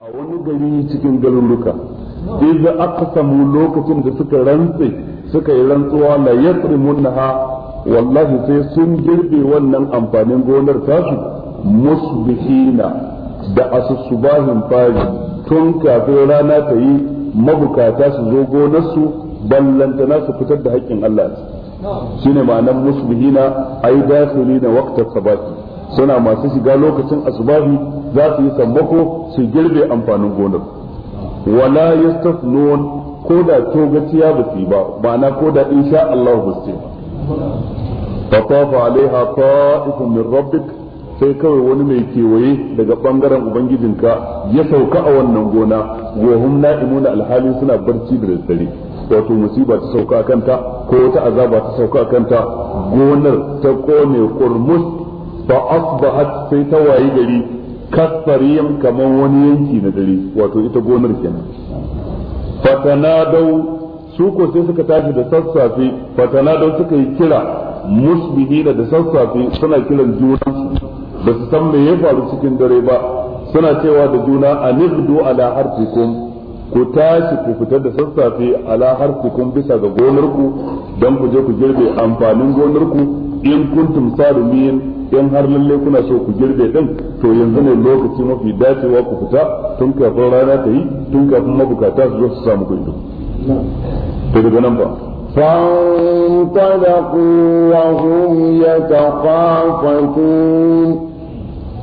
a wani gari cikin garuruka aka samu lokacin da suka rantse suka yi rantsuwa la yasrimunha wallahi sai sun girbe wannan amfanin gonar tasu musbihina da asusubahin fari tun kafin rana ta yi mabukata su zo gonarsu ballantana su fitar da haƙƙin Allah ne ma'anar musbihina ai dakhili da waqtar sabati suna masu shiga lokacin asubahi za su yi sammako su girbe amfanin gonar wala yastafnun ko da togaciya ba su ba ma'ana ko da insha Allah ba su ba fa alaiha ta'ifun min rabbik sai kawai wani mai kewaye daga bangaren ubangijinka ya sauka a wannan gona wahum na'imun alhali suna barci da daddare wato musiba ta sauka kanta ko wata azaba ta sauka kanta gonar ta kone kurmus fa asbahat sai ta wayi gari kasariyan kamar wani yanki na dare wato ita gonar kenan fatanadau su ko sai suka tashi da sassafe fatanadau suka yi kira musbihina da sassafe suna kiran juna ba su san me ya faru cikin dare ba suna cewa da juna anigdu ala harfikum ku tashi ku fitar da sassafe ala harfikum bisa ga gonarku don ku je ku girbe amfanin gonarku in kuntum sadumin. in har lalle kuna so ku girbe din to yanzu ne lokaci mafi dacewa ku fita tun kafin rana ta yi tun kafin mabukata su zo su samu kuɗi to daga nan ba فانطلقوا وهم يتخافتون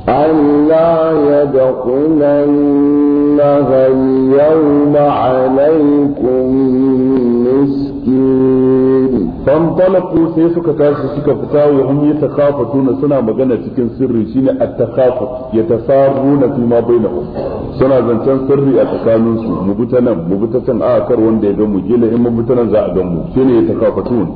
ألا يدخلنها اليوم عليكم مسكين fanfalaku sai suka tashi suka fita wa hum na suna magana cikin sirri shine at-takhafut na fi ma bainahum suna zancen sirri a tsakanin su mu buta nan mu buta can a kar wanda ya ga mu gila in mu buta nan za a ga mu shine takafatu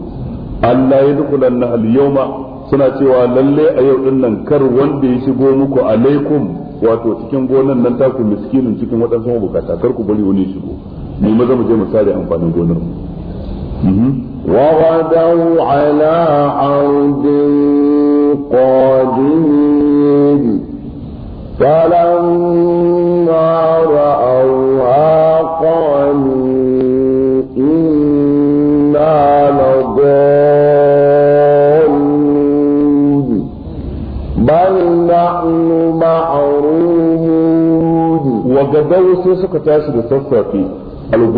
Allah ya na al-yawma suna cewa lalle a yau din nan kar wanda ya shigo muku alaikum wato cikin gonan nan ta ku miskinin cikin waɗansu mabukata kar ku bari wani shigo mu maza mu je mu sare amfanin gonar mu mhm. وغدوا على عرض قادمين فلما رأوها قالوا إنا لضالون بل نحن معرومون وغدوا سيسكتاش بسفة فيه al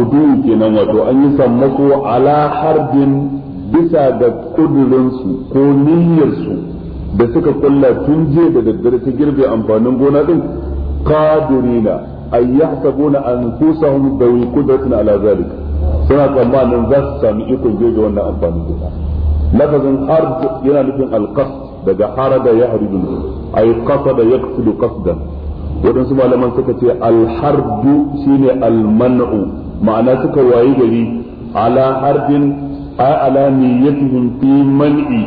kenan wato an yi sammako ala harbin bisa ga kudurinsu ko niyyarsu da suka kulla tun je da daddare ta girbe amfanin gona din kadurina ay yahsabuna anfusahum dawi qudratin ala zalik suna tsammanin za su sami ikon je wannan amfanin gona lafazin harb yana nufin alqasd daga harada ya haribu ay qasada yaqsidu qasdan wadansu malaman suka ce alharbu shine alman'u ma'ana suka wayi gari ala harbin ala niyyatihim fi man'i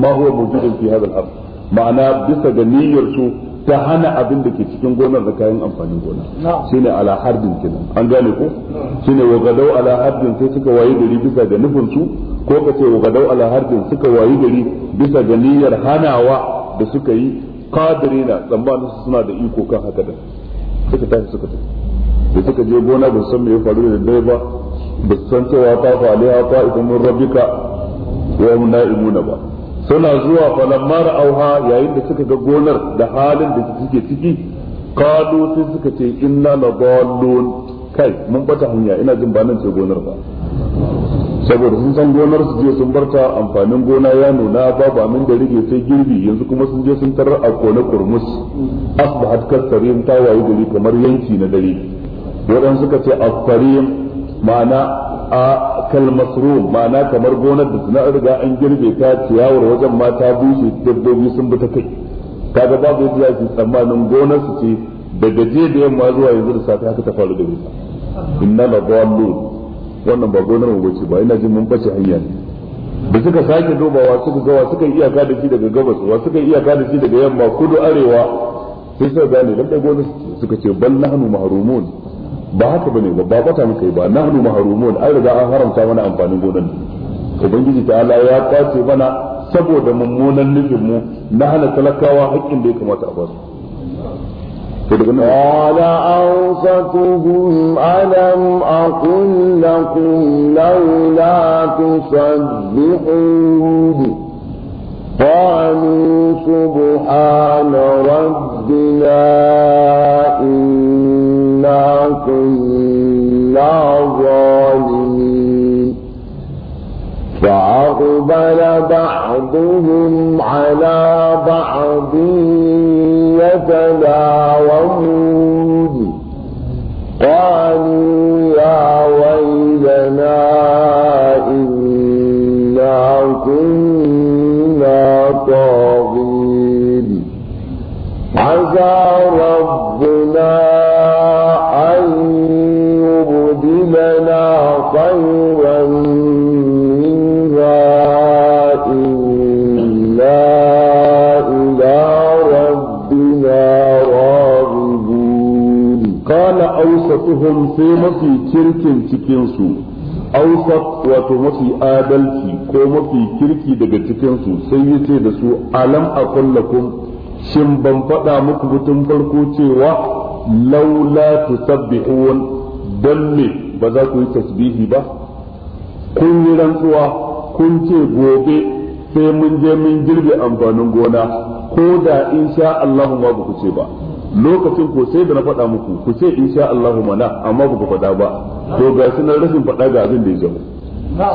ma huwa mawjudun fi hadha al-ard ma'ana bisa ga niyyar su ta hana abin da ke cikin gonar da kayan amfanin gona shine ala harbin kenan an gane ko shine wa gadau ala harbin sai suka wayi gari bisa ga nufin su ko ka ce wa gadau ala harbin suka wayi gari bisa ga niyyar hanawa da suka yi qadirina tsammanin su suna da iko kan haka da suka tashi suka tafi da suka je gona ba san me ya faru da dare ba ba san cewa ta fali ha ta idan mun rabbika wa hum na'imuna ba suna zuwa falamma ra'auha yayin da suka ga gonar da halin da suke ciki qalu sai suka ce inna ladallun kai mun bata hanya ina jin ba nan ce gonar ba saboda sun san gonar su je sun barta amfanin gona ya nuna babu amin da rige sai girbi yanzu kuma sun je sun tarar a kone kurmus asbahat kasarin ta waye gari kamar yanki na dare waɗansu suka ce afarim ma'ana a kalmasru ma'ana kamar gonar da suna riga an girbe ta ciyawar wajen ma ta bushe dabbobi sun bi ta kai kaga babu yadda za su tsammanin gonar su ce daga je da yamma zuwa yanzu da safe haka ta faru da nisa inna la dallun wannan ba gonar mu bace ba ina jin mun bace hanya ne da suka sake dubawa suka wasu kan iyaka da shi daga gabas wasu kan iyaka da shi daga yamma kudu arewa sai suka gane dan da gonar suka ce bal nahnu mahrumun ba haka bane ba ba kwata muka yi ba nahnu mahrumun an riga an haramta mana amfanin gonan ubangiji ta Allah ya kwace mana saboda mummunan nufin mu na hana talakawa haƙƙin da ya kamata a basu قال أوسطهم ألم أقل لكم لولا تسبحون قالوا سبحان ربنا إنا وما كنا ظالمين فأقبل بعضهم على بعض يتداومون قالوا يا ويلنا إنا كنا طاغين عسى ربنا kana ausatuhum sai mafi kirkin cikinsu ausat wato mafi adalci ko mafi kirki daga cikinsu sai ya ce da su alam akullakum shin ban faɗa muku mutum farko cewa laula tusabbihun don me ba za ku yi tasbihi ba kun yi rantsuwa kun ce gobe sai mun je mun girbe amfanin gona ko da insha allahu ba ku ce ba lokacin ko sai da na faɗa muku ku ce in sha Allahu mana amma ku faɗa ba to ga shi nan rashin faɗa ga abin da ya zama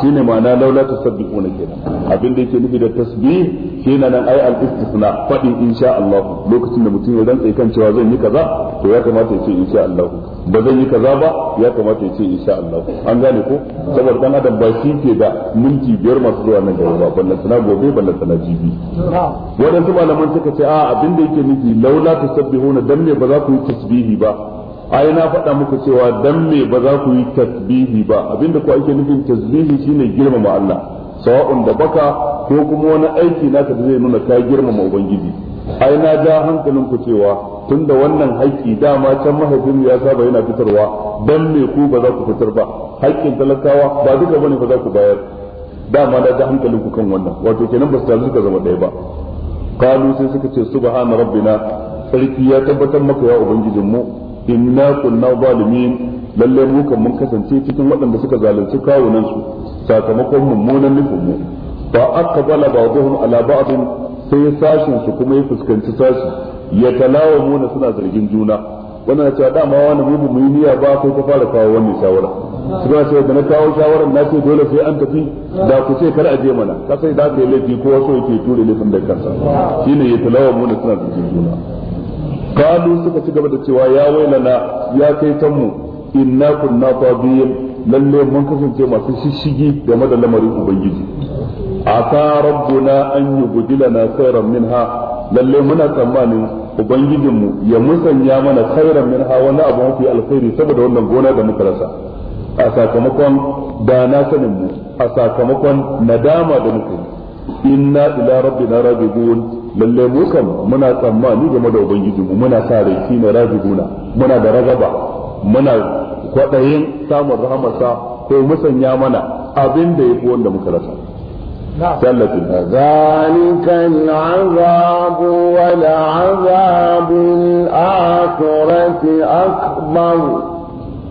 shine ma'ana laula ne kenan abin da yake nufi da tasbih shine nan ai al istisna faɗin sha Allahu lokacin da mutum ya rantsa kan cewa zan yi kaza to ya kamata ya ce in sha Allahu ba zan yi kaza ba ya kamata ya ce insha Allah an gane ko saboda dan adam ba shi ke da minti biyar masu zuwa nan gaba ba ballan sana gobe ballan sana jibi wadansu malaman suka ce a abin da yake nufi laula tusabbihuna dan me ba za ku yi tasbihi ba ai na faɗa muku cewa dan me ba za ku yi tasbihi ba abinda ko ake nufin tasbihi shine girmama Allah sawa'un da baka ko kuma wani aiki naka da zai nuna ka girmama ubangiji ai na ja hankalin ku cewa tunda wannan haƙƙi dama can mahaifin ya saba yana fitarwa dan me ku ba za ku fitar ba haƙƙin talakawa ba duka bane ba za ku bayar dama na ja hankalin ku kan wannan wato kenan ba su taru suka zama ɗaya ba kalu sai suka ce subhana rabbina sarki ya tabbatar maka ya ubangijin mu inna kunna zalimin lalle mu kan mun kasance cikin waɗanda suka zalunci kawunan su sakamakon mummunan nufin mu fa aqbala ba'dhum ala ba'dhin sai sashin su kuma ya fuskanci sashi ya talawa talawamuna suna zargin juna wannan ya ce dama wani mu mu yi niyya ba kai ka fara kawo wannan shawara ba ce da na kawo shawarar na ce dole sai an tafi da ku ce kar a je mana ka sai da ka yi laifi ko wasu yake ture laifin da kansa ne ya talawa talawamuna suna zargin juna kalu suka ci gaba da cewa ya wailana ya kai tanmu inna kunna tabiyin lalle mun kasance masu shishigi game da lamarin ubangiji ata rabbuna an yubdilana khairan minha lalle muna tsammanin ubangijinmu ya musanya mana khairan minha wani abu mafi alkhairi saboda wannan gona da muka rasa a sakamakon da na sanin mu a sakamakon nadama da muka yi inna ila rabbina rajiun lalle mu kan muna tsammani game da ubangijinmu muna sa rai shine rajibuna muna da ragaba muna kwaɗayin samun rahamarsa ko musanya mana abin da ya fi wanda muka rasa ذلك العذاب ولعذاب الآخرة أكبر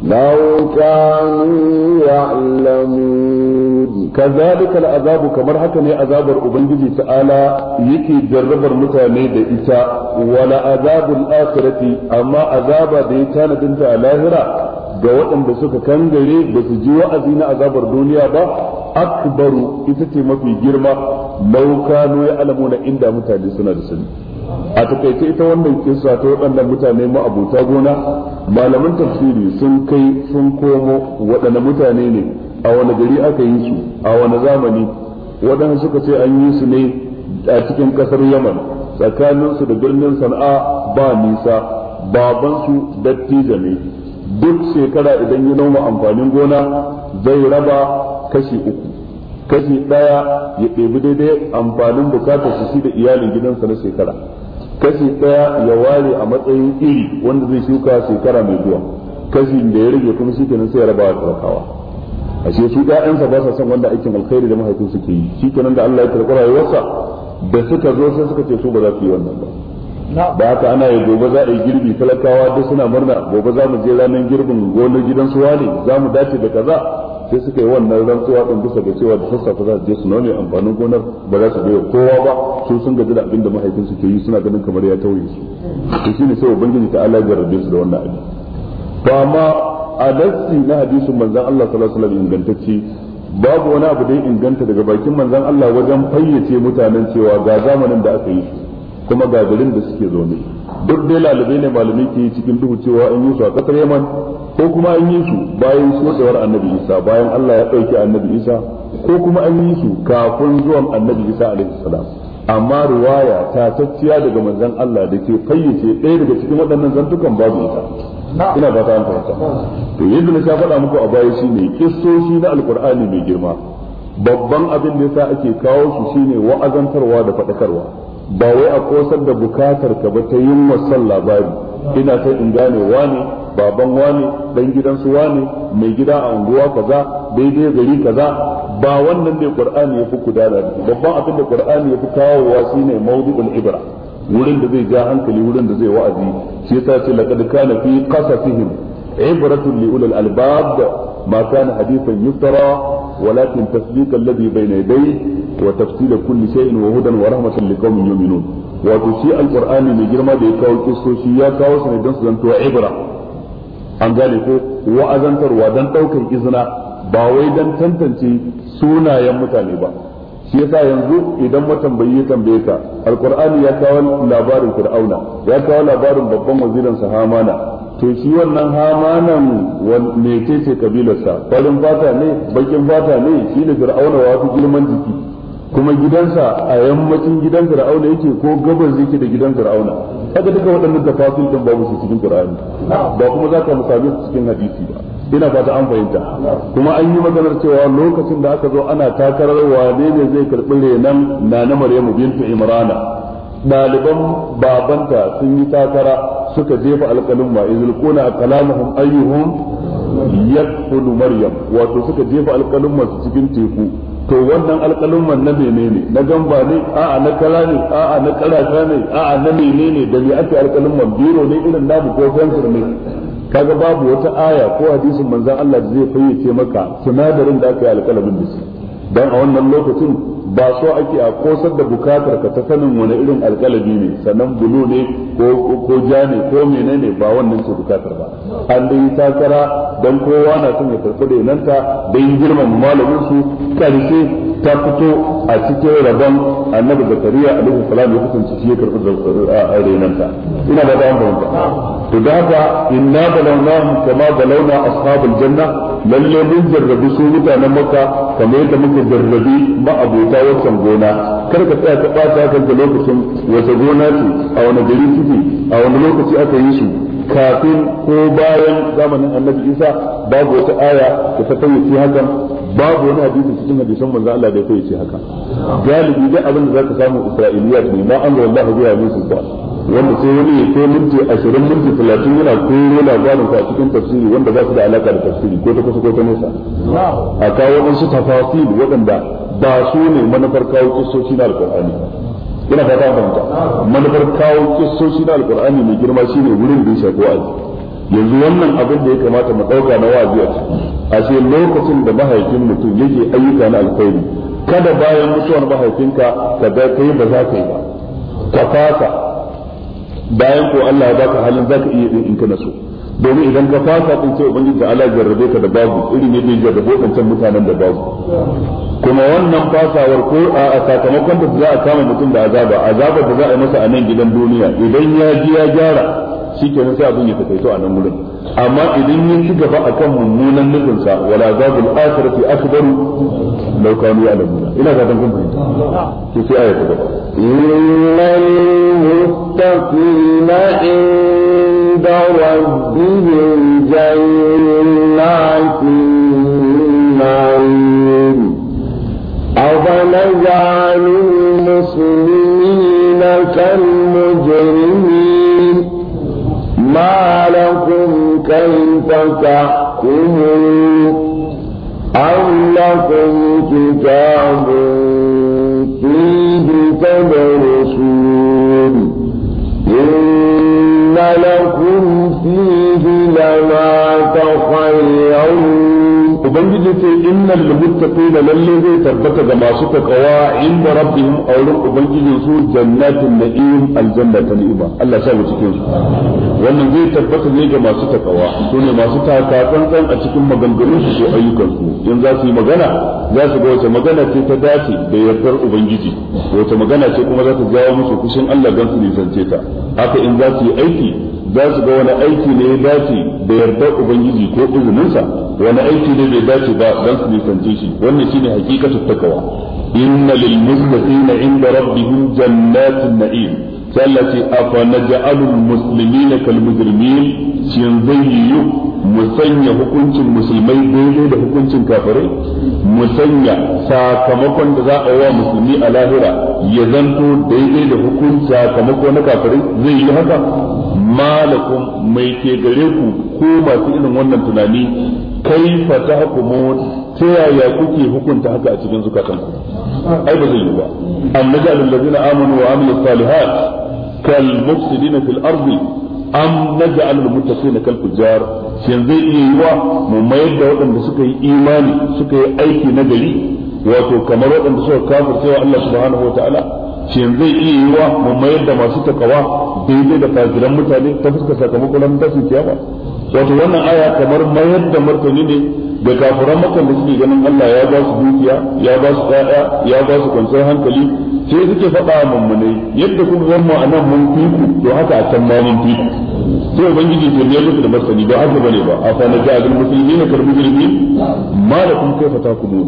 لو كانوا يعلمون كذلك العذاب كما حكى عذاب أبنجي تعالى يكي جرب المتاني بإتا ولا عذاب الآخرة أما عذاب ديتان بنت الاهرة ga waɗanda suka kangare ba su ji wa'azi na azabar duniya ba akbaru ita ce mafi girma law kanu na inda mutane suna da sani a takaice ita wannan kisa ta waɗannan mutane ma'abuta gona malaman tafsiri sun kai sun komo waɗanne mutane ne a wani gari aka yi su a wani zamani waɗanda suka ce an yi su ne a cikin ƙasar yaman tsakaninsu da birnin sana'a ba nisa babansu dattijo ne duk shekara idan ya noma amfanin gona zai raba kashi uku kashi ɗaya ya ɗebi daidai amfanin bukatar su shi da iyalin gidansa na shekara kashi ɗaya ya ware a matsayin iri wanda zai shuka shekara mai zuwa kashi da ya rage kuma shi kenan sai ya rabawa talakawa ashe su ɗayansa ba sa son wanda aikin alkhairi da mahaifin suke yi shi nan da Allah ya karɓi rayuwarsa da suka zo sai suka ce su ba za su yi wannan ba da haka ana yi gobe za a yi girbi talakawa duk suna murna gobe za mu je ranar girbin gonar gidan su wani za mu dace da kaza sai suka yi wannan rantsuwa din bisa ga cewa da sassafe za su je su nome amfanin gonar ba za su biya kowa ba su sun gaji da abin da mahaifinsu ke yi suna ganin kamar ya tauye su to shine sai ubangiji ta Allah ya rabe su da wannan abin to amma a nassi na hadisin manzon Allah sallallahu alaihi wasallam ingantacce babu wani abu da ya inganta daga bakin manzon Allah wajen fayyace mutanen cewa ga zamanin da aka yi kuma ga garin da suke zaune duk dai lalube ne malami ke cikin duhu cewa an yi su a kasar Yaman ko kuma an yi su bayan sotsewar annabi isa bayan Allah ya ɗauki annabi isa ko kuma an yi su kafin zuwan annabi isa alaihi salam amma riwaya ta tacciya daga manzon Allah da ke fayyace ɗaya daga cikin waɗannan zantukan babu ita ina ba ta an fahimta to yadda na faɗa muku a baya shine kissoshi na alkur'ani mai girma babban abin da yasa ake kawo su shine wa'azantarwa da faɗakarwa ba wai a kosar da bukatar ka ba ta yin wasan labari ina ta in gane wani baban wani dan gidansu wani mai gida a unguwa kaza daidai gari kaza ba wannan ne qur'ani ya fi kudada da babban abin da qur'ani ya fi kawo wa shine mawdu'ul ibra wurin da zai ja hankali wurin da zai wa'azi shi yasa ce laqad kana fi qasasihim ibratun li ulil albab ma kana hadithan yuftara ولكن تصديق الذي بين يديه وتفصيل كل شيء وهدى ورحمة لقوم يؤمنون wato shi Alƙur'ani mai girma da ya kawo kistoshi ya kawo su ne don su zanto ibra an gane ko wa'azantarwa dan ɗaukar izina ba wai don tantance sunayen mutane ba shi yasa yanzu idan matambayi ya tambaye ka alqur'ani ya kawo labarin fir'auna ya kawo labarin babban wazirin sa hamana to shi wannan hamanan me ce ce kabilarsa farin fata ne bakin fata ne shi ne fir'auna wa fi girman jiki kuma gidansa a yammacin gidan fir'auna yake ko gabas yake da gidan fir'auna kaga duka waɗannan tafasil din babu su cikin qur'ani ba kuma za ka musami su cikin hadisi ba ina fata an fahimta kuma an yi maganar cewa lokacin da aka zo ana takarar wane ne zai karɓi renan na na maryamu bintu imrana ɗaliban babanta sun yi takara suka jefa alƙalin ma kuna kalamuhum ayyuhum yakfulu maryam wato suka jefa alƙalin masu cikin teku to wannan alƙalumman na menene na gamba ne a'a na kala ne a'a na karasha ne a'a na menene da me ake alƙalumman biro ne irin namu ko fensir ne kaga babu wata aya ko hadisin manzon Allah da zai fayyace maka sinadarin da aka yi alƙalamin da shi dan a wannan lokacin ba so ake a kosar da bukatar ka ta sanin wani irin alkalabi ne sannan bulu ne ko ko ja ne ko menene ba wannan ce bukatar ba an dai takara dan kowa na son ya farfade nan ta don girman malamin su karshe ta fito a cikin rabon annabi zakariya lokacin salamu ya kasance shi ya karɓi renanta ina da bayan fahimta to da haka inna balawnahum kama a ashabul janna lalle mun jarrabi su mutanen maka kamar yadda muka jarrabi ma'abota wancan gona kar ka tsaya ta ɓata hakan lokacin wata gona ce a wani gari suke a wani lokaci aka yi su kafin ko bayan zamanin annabi isa babu wata aya da ta fayyace hakan babu wani hadisi cikin hadisan manzo Allah da ya fayyace haka galibi dai abin da zaka samu isra'iliyat ne ma an Allah biya musu ba wanda sai wani ya kai minti 20 minti 30 yana koro labarin ka cikin tafsiri wanda ba su da alaka da tafsiri ko ta kusa ko ta nesa a kawo wasu tafasil waɗanda ba su ne manufar kawo kusoci na alƙur'ani ina fata fahimta manufar kawo kissoshi na alkur'ani mai girma shi ne wurin da ya shafi wa'azi yanzu wannan abin da ya kamata mu ɗauka na wa'azi a ciki a ce lokacin da mahaifin mutum yake ayyuka na alkhairi kada bayan mutuwar mahaifinka ka ga kai ba za ka yi ba ka fasa bayan ko Allah ya baka halin za ka iya in kana so domin idan ka fasa kun ce ubangiji ala jarrabe ka da babu iri yadda ya jarrabe kan mutanen da babu kuma wannan fasawar ko a sakamakon da za a kama mutum da azaba azabar da za a yi masa a nan gidan duniya idan ya ji ya gyara shi nan sai abin ya takaito a nan wurin amma idan ya ci gaba a kan mummunan nufinsa wala azabul akhirati akbar law kanu ya'lamuna ina ga dan kuma ki sai aya ta gaba innal muttaqina inda rabbihim jannatin na'im أولجعل المسلمين كالمجرمين ما لكم كيف تحكمون أم لكم كتاب innal muttaqina lalle zai tabbata ga masu takawa inda rabbihim a wurin ubangijin su jannatin na'im aljanna ta ni'ima Allah sa mu cikin su wannan zai tabbata ne ga masu takawa ne masu taka tsantsan a cikin maganganun su ko ayyukan su in za su yi magana za su ga wace magana ce ta dace da yardar ubangiji wace magana ce kuma za ta jawo musu kushin Allah dan su nisance ta haka in za su yi aiki za su ga wani aiki ne ya dace da yardar ubangiji ko izininsa wani aiki ne bai dace ba dan su nisance shi wannan shine hakikatu takawa inna lil muttaqina inda rabbihim jannatun na'im sallati afa naj'alul muslimina kal mujrimin shin zai yiwu mu sanya hukuncin musulmai daidai da hukuncin kafirai mu sanya sakamakon da za a wa musulmi a lahira ya zanto daidai da hukuncin sakamako na kafirai zai yi haka malakum mai ke gare ku ko masu irin wannan tunani kai fa ta hukumun ta yaya kuke hukunta haka a cikin zukatan ku ai ba zai yi ba amma ga amanu wa amilu salihat kal mufsidina fil ardi am naj'al al muttaqina kal fujjar shin zai iya yi wa mu mayar da waɗanda suka yi imani suka yi aiki na gari wato kamar waɗanda suka kafirce wa Allah subhanahu wa shin zai iya yi wa mu mayar da masu takawa daidai da kafiran mutane ta fuskar sakamakon tashin kiyama wato wannan aya kamar mayar da martani ne da kafiran makan da suke ganin Allah ya ba su dukiya ya ba su ƴaƴa ya ba su kwanciyar hankali sai suke faɗa a mummunai yadda kun ga mu anan mun fiku to haka a can ma mun fiku sai ubangiji ke biyar musu da martani ba haka bane ba a sanar da azul musulmi ne karbi jirgi ma da kun kai fata kuma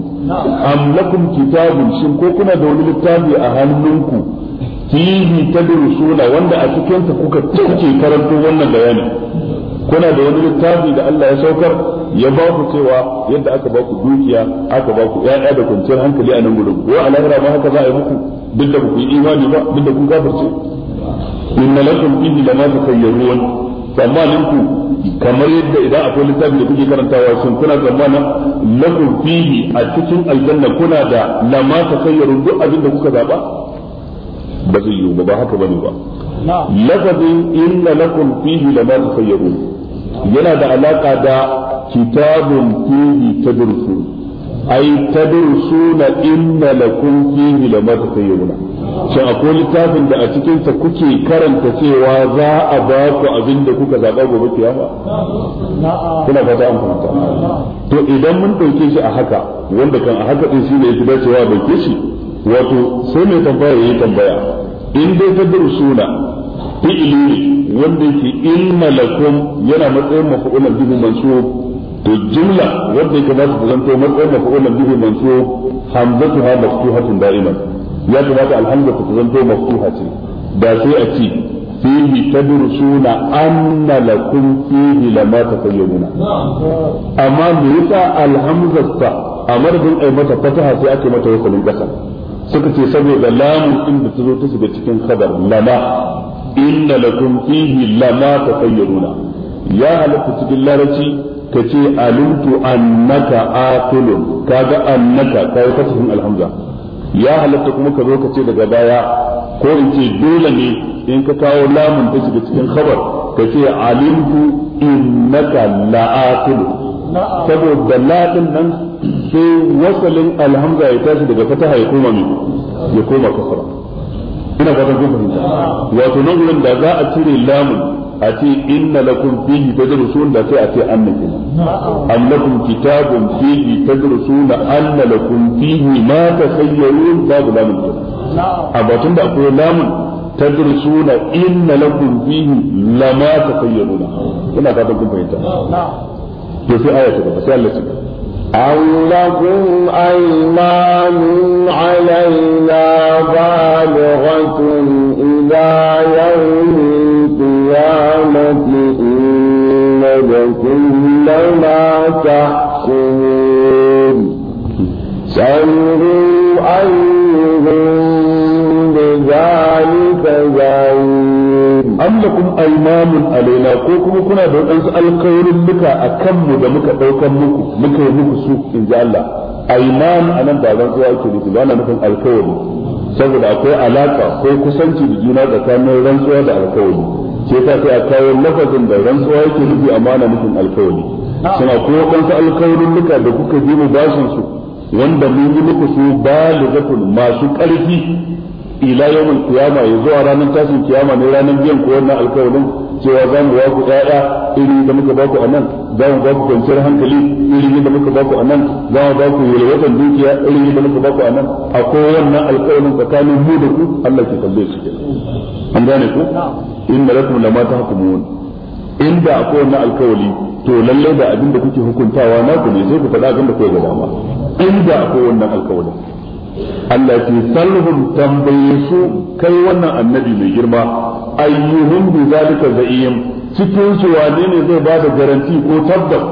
am lakum kitabun shin ko kuna da wani littafi a hannunku fihi tadrusuna wanda a cikin ta kuka kuke karanto wannan bayanin kuna da wani littafi da Allah ya saukar ya ba ku cewa yadda aka ba ku dukiya aka ba ku ƴaƴa da kwanciyar hankali a nan gurin ko a lahira ma haka za a yi muku duk da ku yi imani ba duk da kun kafirce inna lakum fihi lama takayyarun tsammanin ku kamar yadda idan akwai littafi da kuke karantawa shin kuna tsammanin lakum fihi a cikin aljanna kuna da lama takayyarun duk abin da kuka zaba ba zai yiwu ba ba haka bane ba lafazin inna lakum fihi lama takayyarun yana da alaka da kitabun fihi tadrusu ai tadrusuna inna lakum fihi lama tatayyuna shin akwai littafin da a cikin ta kuke karanta cewa za a ba ku abin da kuka zaba gobe kiyama kuna fata an fahimta to idan mun dauke shi a haka wanda kan a haka din shine yake dacewa ke shi wato sai mai tambaya yayi tambaya in dai tadrusuna fi'ili wanda yake ilma lakum yana matsayin mafu'ulan bihi mansub to jumla wanda yake ba su zanto matsayin mafu'ulan bihi mansub hamzatuha maftuhatun da'iman ya kamata alhamdu ta zanto maftuha ce da sai a ce fihi tadrusuna anna lakum fihi lama tatayyununa amma me yasa alhamzatsa a madadin ai mata fataha sai ake mata wasalin kasa suka ce saboda lamun din da ta zo ta shiga cikin khabar lama inna lakum fihi lama tafayyaruna ya halatta cikin larabci ka ce alimtu annaka aqilun kaga annaka kai fatihin alhamza ya halatta kuma ka zo ka ce daga baya ko in ce dole ne in ka kawo lamun ta shiga cikin khabar ka ce alimtu innaka la'aqilu saboda la din nan sai wasalin alhamza ya tashi daga fataha ya koma mai ya koma kasara ina fatan kun fahimta wato nan gurin da za a cire lamun a ce inna lakum fihi tadrusun da sai a ce anna kin am lakum kitabun fihi tadrusuna anna lakum fihi ma tasayyarun babu lamun a batun da akwai lamun tadrusuna inna lakum fihi lama tasayyaruna ina fatan kun fahimta to sai aya ta gaba sai Allah ya أم لَهُمْ أيمان علينا بالغة إلى يوم القيامة إن لكم لما تحكمون سنري lakum aymanun alaina ko kuma kuna da wadansu alkawarin muka a kanmu da muka daukan muku muka yi muku su in ji Allah ayman anan ba ran zuwa ke nufi ba na nufin alkawari saboda akwai alaka ko kusanci da juna tsakanin rantsuwa da alkawari ce ta sai a kawo lafazin da rantsuwa ke nufi amana nufin alkawari suna ko kansu alkawarin muka da kuka ji mu bashin su wanda mun yi muku su balighatun masu ƙarfi ila yawmul qiyama ya zuwa ranar tashin kiyama ne ranar biyan ko wannan alƙawarin cewa za mu ba ƴaƴa iri da muka baku ku a nan za mu ba kwanciyar hankali iri da muka baku ku a nan za mu ba ku yalwatan dukiya iri da muka ba ku a nan akwai wannan alƙawarin tsakanin mu da ku Allah ke kalle shi kenan an gane ku inna lakum lama tahkumun inda akwai wannan alƙawari to lallai da abin da kuke hukuntawa na ku ne sai ku faɗa abin da kuke ga dama inda akwai wannan alƙawarin Allah ce tambayesu tambaye su kai wannan annabi mai girma ayyuhum bi zalika za'im cikin su wane ne zai bada garanti ko tabbas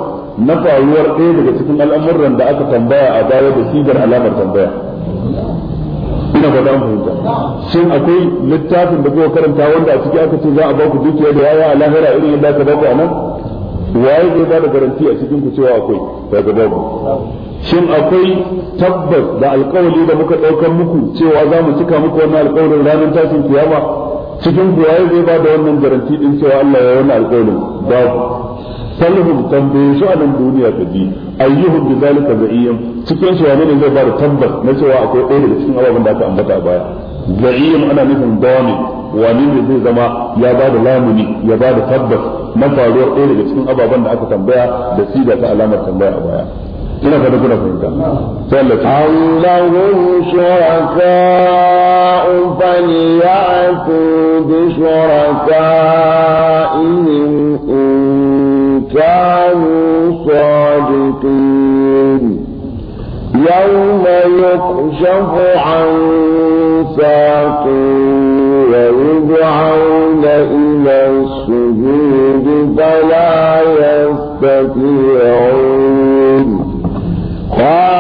na faruwar ɗaya daga cikin al'amuran da aka tambaya a baya da sigar alamar tambaya ina ba dan fahimta shin akwai littafin da kuka karanta wanda a ciki aka ce za a ba ku dukiya da waya a lahira irin yadda aka ba ku a nan waye zai ba da garanti a cikin ku cewa akwai daga babu shin akwai tabbas da alkawali da muka ɗaukar muku cewa za mu cika muku wannan alkawarin ranar tashin kiyama cikin ku waye zai ba da wannan garanti din cewa Allah ya wannan alkawarin ba salhum tambaye su a nan duniya ta bi ayyuhum bi zalika za'iyyan cikin su wane ne zai ba da tabbas na cewa akwai ɗaya daga cikin ababen da aka ambata a baya za'iyyan ana nufin dawami wani ne zai zama ya ba da lamuni ya ba da tabbas na faruwar ɗaya daga cikin ababen da aka tambaya da siga ta alamar tambaya a baya ina fata kuna fahimta am lahum shuraka'u falyatu bi shuraka'ihim in kanu sadiqin يوم يكشف عن ساق ويدعون إلى السجود فلا يستطيعون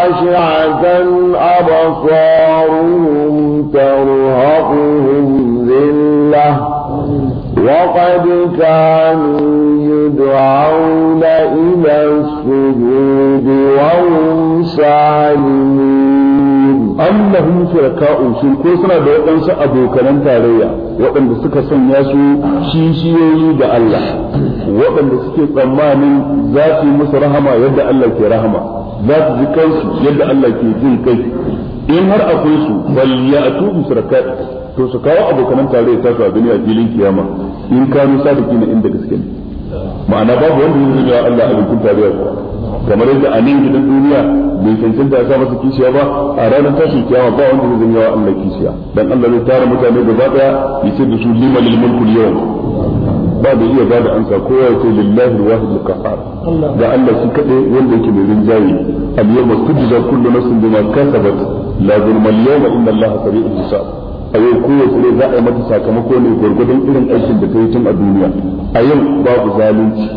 خاشعة أبصارهم ترهقهم ذلة وقد كانوا يدعون إلى السجود وهم سالمين أم لهم شركاء شركو سنة بوطنس أبو كلام تاريا وطن بسكة سنياسو شيشيوي دا الله وطن بسكة ضمان ذاتي مسرهما يد الله كرهما za su ji kansu yadda Allah ke jin kai in har akwai su bal ya'tu bi shirkai to su kawo abokan tare ta su a a filin kiyama in kanu sadiki ne inda gaske ne ma'ana babu wanda zai zuwa Allah a bikin tare kamar yadda a gidan duniya bai cancanta a sa masa kishiya ba a ranar tashin kiyama ba wanda zai zuwa Allah kishiya dan Allah zai tara mutane gaba daya ya da su limal mulkul yawm ba da iya bada amsa kowa ya ce lillahi alwahid alqahar ga Allah shi kade wanda yake mai rinjaye al yawma tujza kullu nafsin bima kasabat la zulma al yawma inna Allah sari'ul hisab a yau kowace ne za a yi mata sakamako ne gwargwadon irin aikin da ta yi tun a duniya a yau babu zalunci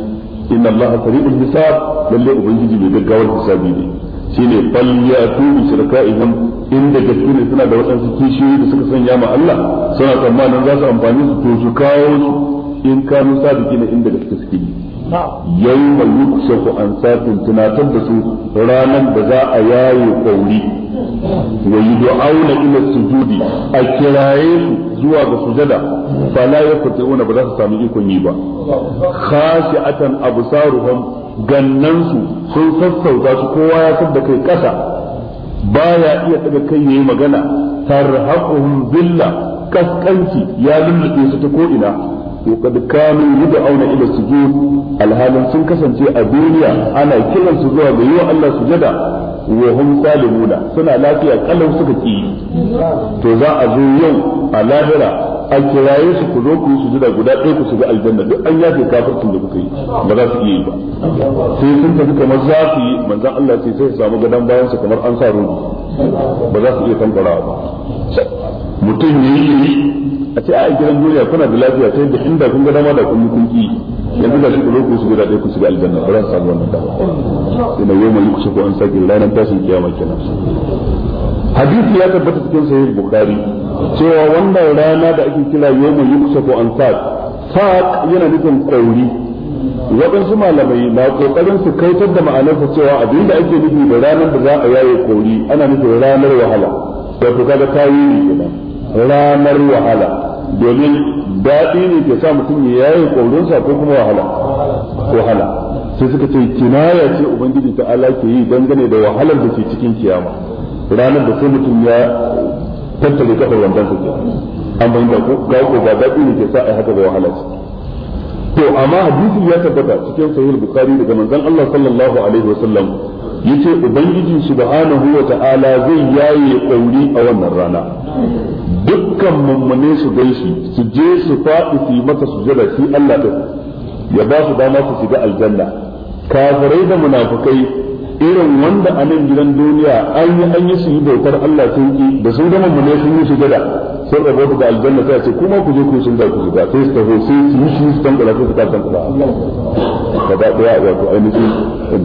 inna Allah sari'ul hisab lalle ubangiji mai gaggawar hisabi ne shine bal yatu bi shirkaihim inda gaske ne suna da waɗansu kishiyoyi da suka sanya ma Allah suna tsammanin za su amfani su to su kawo su in kanu sabiki na inda gaske suke yi yayi ma ku an saqin tunatar da su ranar da za a yaye kauri wa yud'auna ila sujudi a kiraye su zuwa ga sujada fala yaqtuuna ba za su sami ikon yi ba khashi'atan absaruhum gannan su sun sassauta su kowa ya da kai kasa baya iya daga kai yayi magana tarhaquhum zilla kaskanci ya lullube su ta ko ina وقد كانوا يدعون الى السجود الحال sun kasance a duniya ana kiransu su zuwa ga yiwa Allah sujada wa hum salimuna suna lafiya kalau suka ki to za a zo yau a lahira a kiraye su ku zo ku guda ɗaya ku shiga aljanna duk an yafe kafircin da kuka yi ba za su iya yi ba sai sun tafi kamar za su yi manzon Allah ce samu gadon bayan su kamar an sa rubu ba za su iya ba mutum yayi a ce a gidan duniya kuna da lafiya ta yadda inda kun ga dama da kun kun ki yanzu da shi ku su gida dai ku shiga aljanna ba za su samu wannan dama sai na yau mai ku shiga an sake ranar tashin kiyama kenan hadisi ya tabbata cikin sahih bukhari cewa wannan rana da ake kira ku yukshafu an sa, saq yana nufin kauri waɗansu malamai na kokarin su kautar da ma'anar ma'anarsa cewa abin da ake nufi da ranar da za a yaye kauri ana nufin ranar wahala wato kaga tayi ne kenan ranar wahala domin daɗi ne ke sa mutum ya yaye sa ko kuma wahala wahala sai suka ce kinaya ce ubangiji ta ala ke yi dangane da wahalar da ke cikin kiyama ranar da sai mutum ya tattare kafar wandan ta. ke an bayyana ko ga ko ga daɗi ne ke sa a haka ga wahala ce to amma hadisin ya tabbata cikin sahih bukhari daga manzon Allah sallallahu alaihi wasallam yace ubangiji subhanahu wa ta'ala zai yaye kauri a wannan rana dukkan mummune su gaishe su je su faɗi su yi masa sujada shi Allah ta ya ba su dama su shiga aljanna kafirai da munafukai irin wanda a nan gidan duniya an yi an yi su yi bautar Allah sun ki da sun gama mummune sun yi sujada sun rabo da aljanna sai ce kuma ku je ku sun da ku shiga sai su tafi sai su yi shi su tanka sai su ta ba gaba daya wato ainihin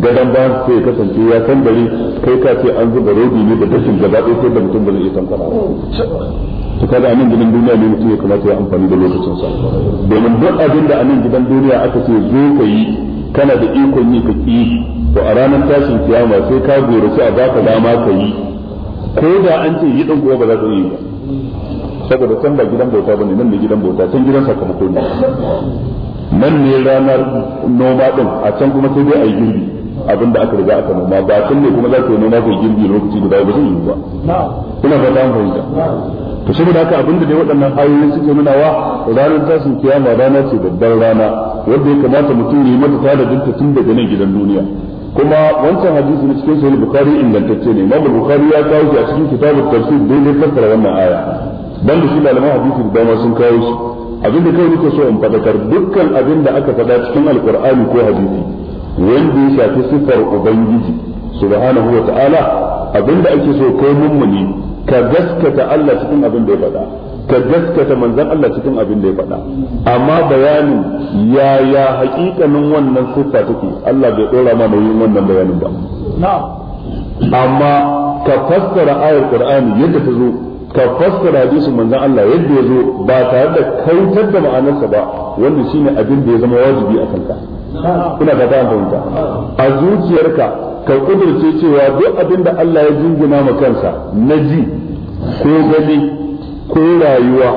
gadon ba sai kasance ya tambari kai ka ce an zuba rodi ne da dashin gaba ɗaya sai da mutum ba zai iya tankula to kaga anan gidan duniya ne mutum ya kamata ya amfani da lokacin sa domin duk abin da anan gidan duniya aka ce zo ka yi kana da ikon yi ka ki to a ranar tashin kiyama sai ka gore su a baka dama ka yi ko da an ce yi din gobe ba za ka yi ba saboda can ba gidan bauta bane nan ne gidan bauta can gidan sakamako ne nan ne ranar noma din a can kuma sai dai a yi girbi abin da aka riga aka noma ba can ne kuma za ka yi noma ka yi girbi lokaci guda ba zai yi ba kuna fata mu fahimta to saboda haka abin da dai waɗannan ayoyi suke nuna wa ranar tashin kiyama rana ce babbar rana wanda ya kamata mutum ya mata tare da tun daga nan gidan duniya kuma wancan hadisi na cikin sahih bukhari ingantacce ne imam bukhari ya kawo shi a cikin kitabut tafsir daidai fassara wannan aya dan da shi malaman hadisi da dama sun kawo shi abin da kai nake so in fadakar dukkan abin da aka fada cikin alqur'ani ko hadisi wanda ya shafi sifar ubangiji subhanahu wa ta'ala abin da ake so kai mummuni ka gaskata Allah cikin abin da ya faɗa ka gaskata manzon Allah cikin abin da ya faɗa amma bayanin yaya hakikanin wannan siffa take Allah bai dora ma yin wannan bayanin ba amma ka fassara ayar Qur'ani yadda ta zo ka fassara hadisin manzon Allah yadda ya zo ba tare da kautar da ma'anarsa ba wanda shine abin da ya zama wajibi a kanka kuna da ta fahimta a zuciyarka ka kudurce cewa duk abin da Allah ya jingina ma kansa na ji ko gani ko rayuwa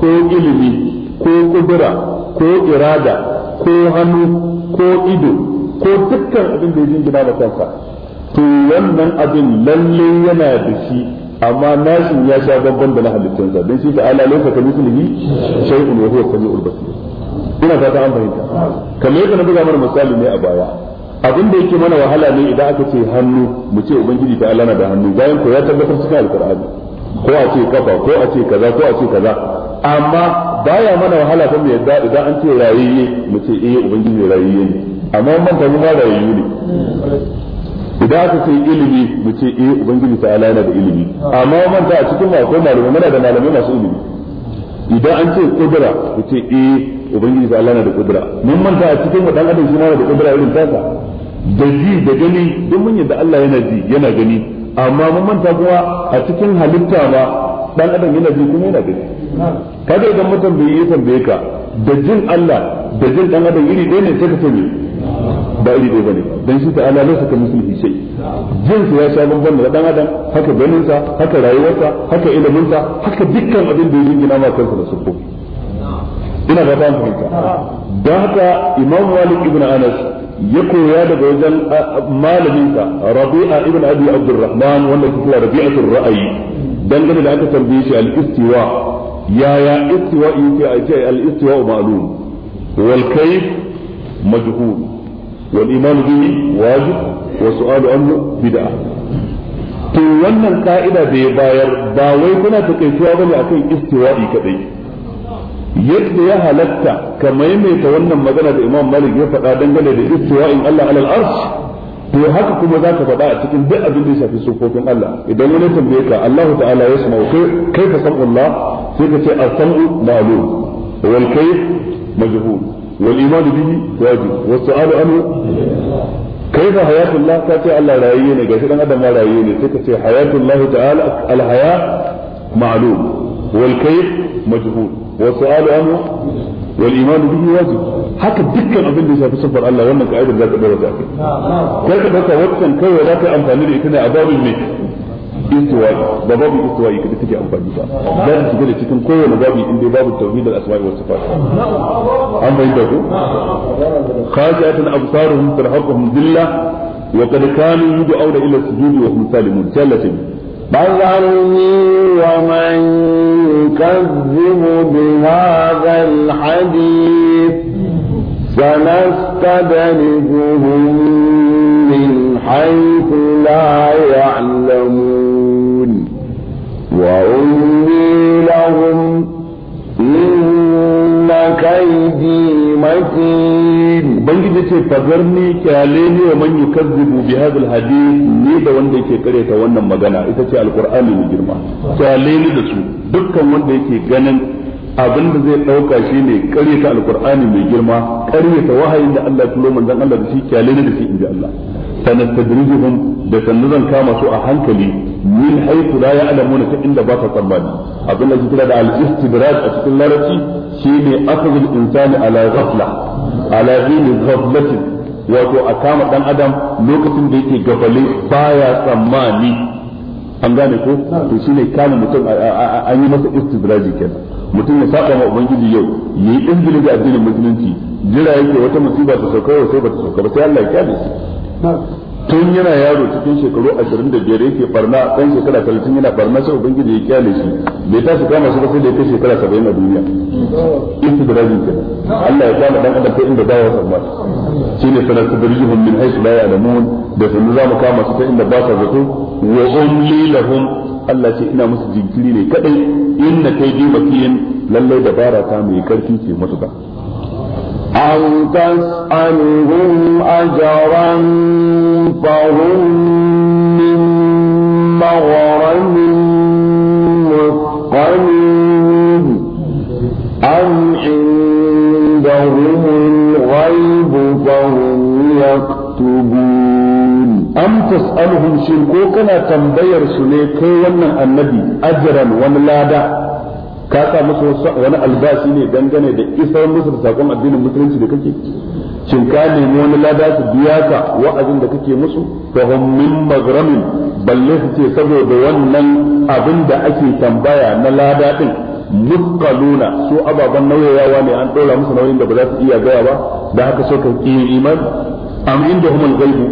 ko ilimi ko kudura ko irada ko hannu ko ido ko dukkan abin da ya jingina ma kansa to wannan abin lalle yana da shi amma nasin ya sha babban da na halittunsa don shi ta'ala laysa ka mislihi shay'un wa huwa samiul basir ina fata an fahimta kamar yadda na buga mana misali ne a baya abin da yake mana wahala ne idan aka ce hannu mu ce ubangiji ta alana na da hannu bayan ko ya tabbatar cikin alqur'ani ko a ce kafa ko a ce kaza ko a ce kaza amma baya mana wahala ta mai yadda idan an ce rayayye mu ce eh ubangiji rayayye ne amma mun ta mu rayayye ne idan aka ce ilimi mu ce eh ubangiji ta alana yana da ilimi amma man ta a cikin ma ko malamai muna da malamai masu ilimi idan an ce kudura mu ce eh ubangiji ta alana da kudura mun manta a cikin mu dan adam shi na da kudura irin ka da ji da gani duk mun yadda Allah yana ji yana gani amma mun manta kuma a cikin halitta ma dan adam yana ji kuma yana gani kada idan mutum bai yi tambaye ka da jin Allah da jin dan adam iri ɗaya ne sai ka ce ba iri ɗaya bane don shi ta'ala laysa ka mislihi jin su ya sha bambam da dan adam haka ganinsa haka rayuwarsa haka iliminsa haka dukkan abin da ya jingina ma kansa da sufofi ina ga ta fahimta dan haka imam malik ibn anas ya koya daga wajen malaminsa rabi'a ibn abi abdurrahman wanda ke kira rabi'atul ra'ayi dangane da aka tambaye shi al-istiwa yaya istiwa yake a ce al-istiwa ma'lum wal kayf majhul wal imanu bihi wajib wa su'alu to wannan ka'ida da ya bayar ba wai kuna takaituwa bane akan istiwa'i kadai yadda ya halatta ka maimaita wannan magana da Imam Malik ya faɗa dangane da istiwa'in Allah alal arsh to haka kuma zaka faɗa a cikin duk abin da ya shafi sufofin Allah idan wani tambaye ka Allah ta'ala ya sama kai kai ka san Allah sai ka ce as-sam'u ma'lum wal kayf majhul wal imanu bihi wajib wa su'alu anhu kaifa hayatullah ka ce Allah rayayye ne gashi dan adam ma rayayye ne sai ka ce hayatullah ta'ala al haya bihi haka dukkan abin da ya shafi sifar Allah wannan ka'idar za ka dora ta kai ka dauka wannan kai za ka amfani da ita ne a babin ne istiwa'i ba babu istiwa'i kada take amfani ba za ta shiga da cikin kowane babu in dai babu tauhidul asma'i was sifat an bayyana ku khajatan absaruhum tarhaquhum billah wa qad kanu yud'auna ila sujudi wa hum salimun jallati فذرني ومن يكذب بهذا الحديث سنستدرجهم من حيث لا يعلمون وأملي لهم إن كيدي متين بنجد شيء فذرني كاليني ومن يكذب بهذا الحديث نيدا وندي كي كريتا وانا مغانا إذا شيء القرآن يجرما كاليني دسو دكا وندي كي غنن abin da zai ɗauka shi ne ƙaryata mai girma ƙaryata wahayin da Allah tulo manzon Allah da shi kyale ne da shi inda Allah sanastadrijuhum da sannu zan kama su a hankali min haythu la ya'lamuna ta inda ba ta tsammani abin da kira da al-istidraj a cikin larabci shine akhadhu al-insani ala ghafla ala ghini ghaflatin wato a kama dan adam lokacin da yake gafale baya tsammani an gane ko to shine kana mutum an yi masa istidraji kenan mutum ya saba ma ubangiji yau yi izgili da addinin musulunci jira yake wata musiba ta sauka yau sai ba ta sauka ba sai Allah ya kyale shi tun yana yaro cikin shekaru biyar yake barna ɗan shekara 30 yana barna sai ubangiji ya kyale shi bai tashi kama shi ba sai da kai shekara 70 a duniya da istidrajin kenan Allah ya kama dan adam ta inda ba ya tsamma shine sanatadrijuhum min haythu la ya'lamun da sun zamu kama su ta inda ba sa zato wa umli lahum Allah ce ina musu jinkiri ne kadai kai bi makiyin lallai dabara ta mai karfi ce musu ba أو تسألهم أجرا فهم من مغرم مثقلين أم عندهم الغيب فهم يكتبون أم تسألهم شركوكنا تنبير سليكي ونن النبي أجرا ونلادا ka sa musu wani albashi ne dangane da isar musu da sakon addinin musulunci da kake shin ka nemi wani lada su biya ka wa'azin da kake musu fa hum min maghramin balle su ce saboda wannan abin da ake tambaya na lada din mutqaluna su ababan nauyayawa ne an dora musu nauyin da ba za su iya gaya ba da haka so ka ki iman am indahum al-ghaibu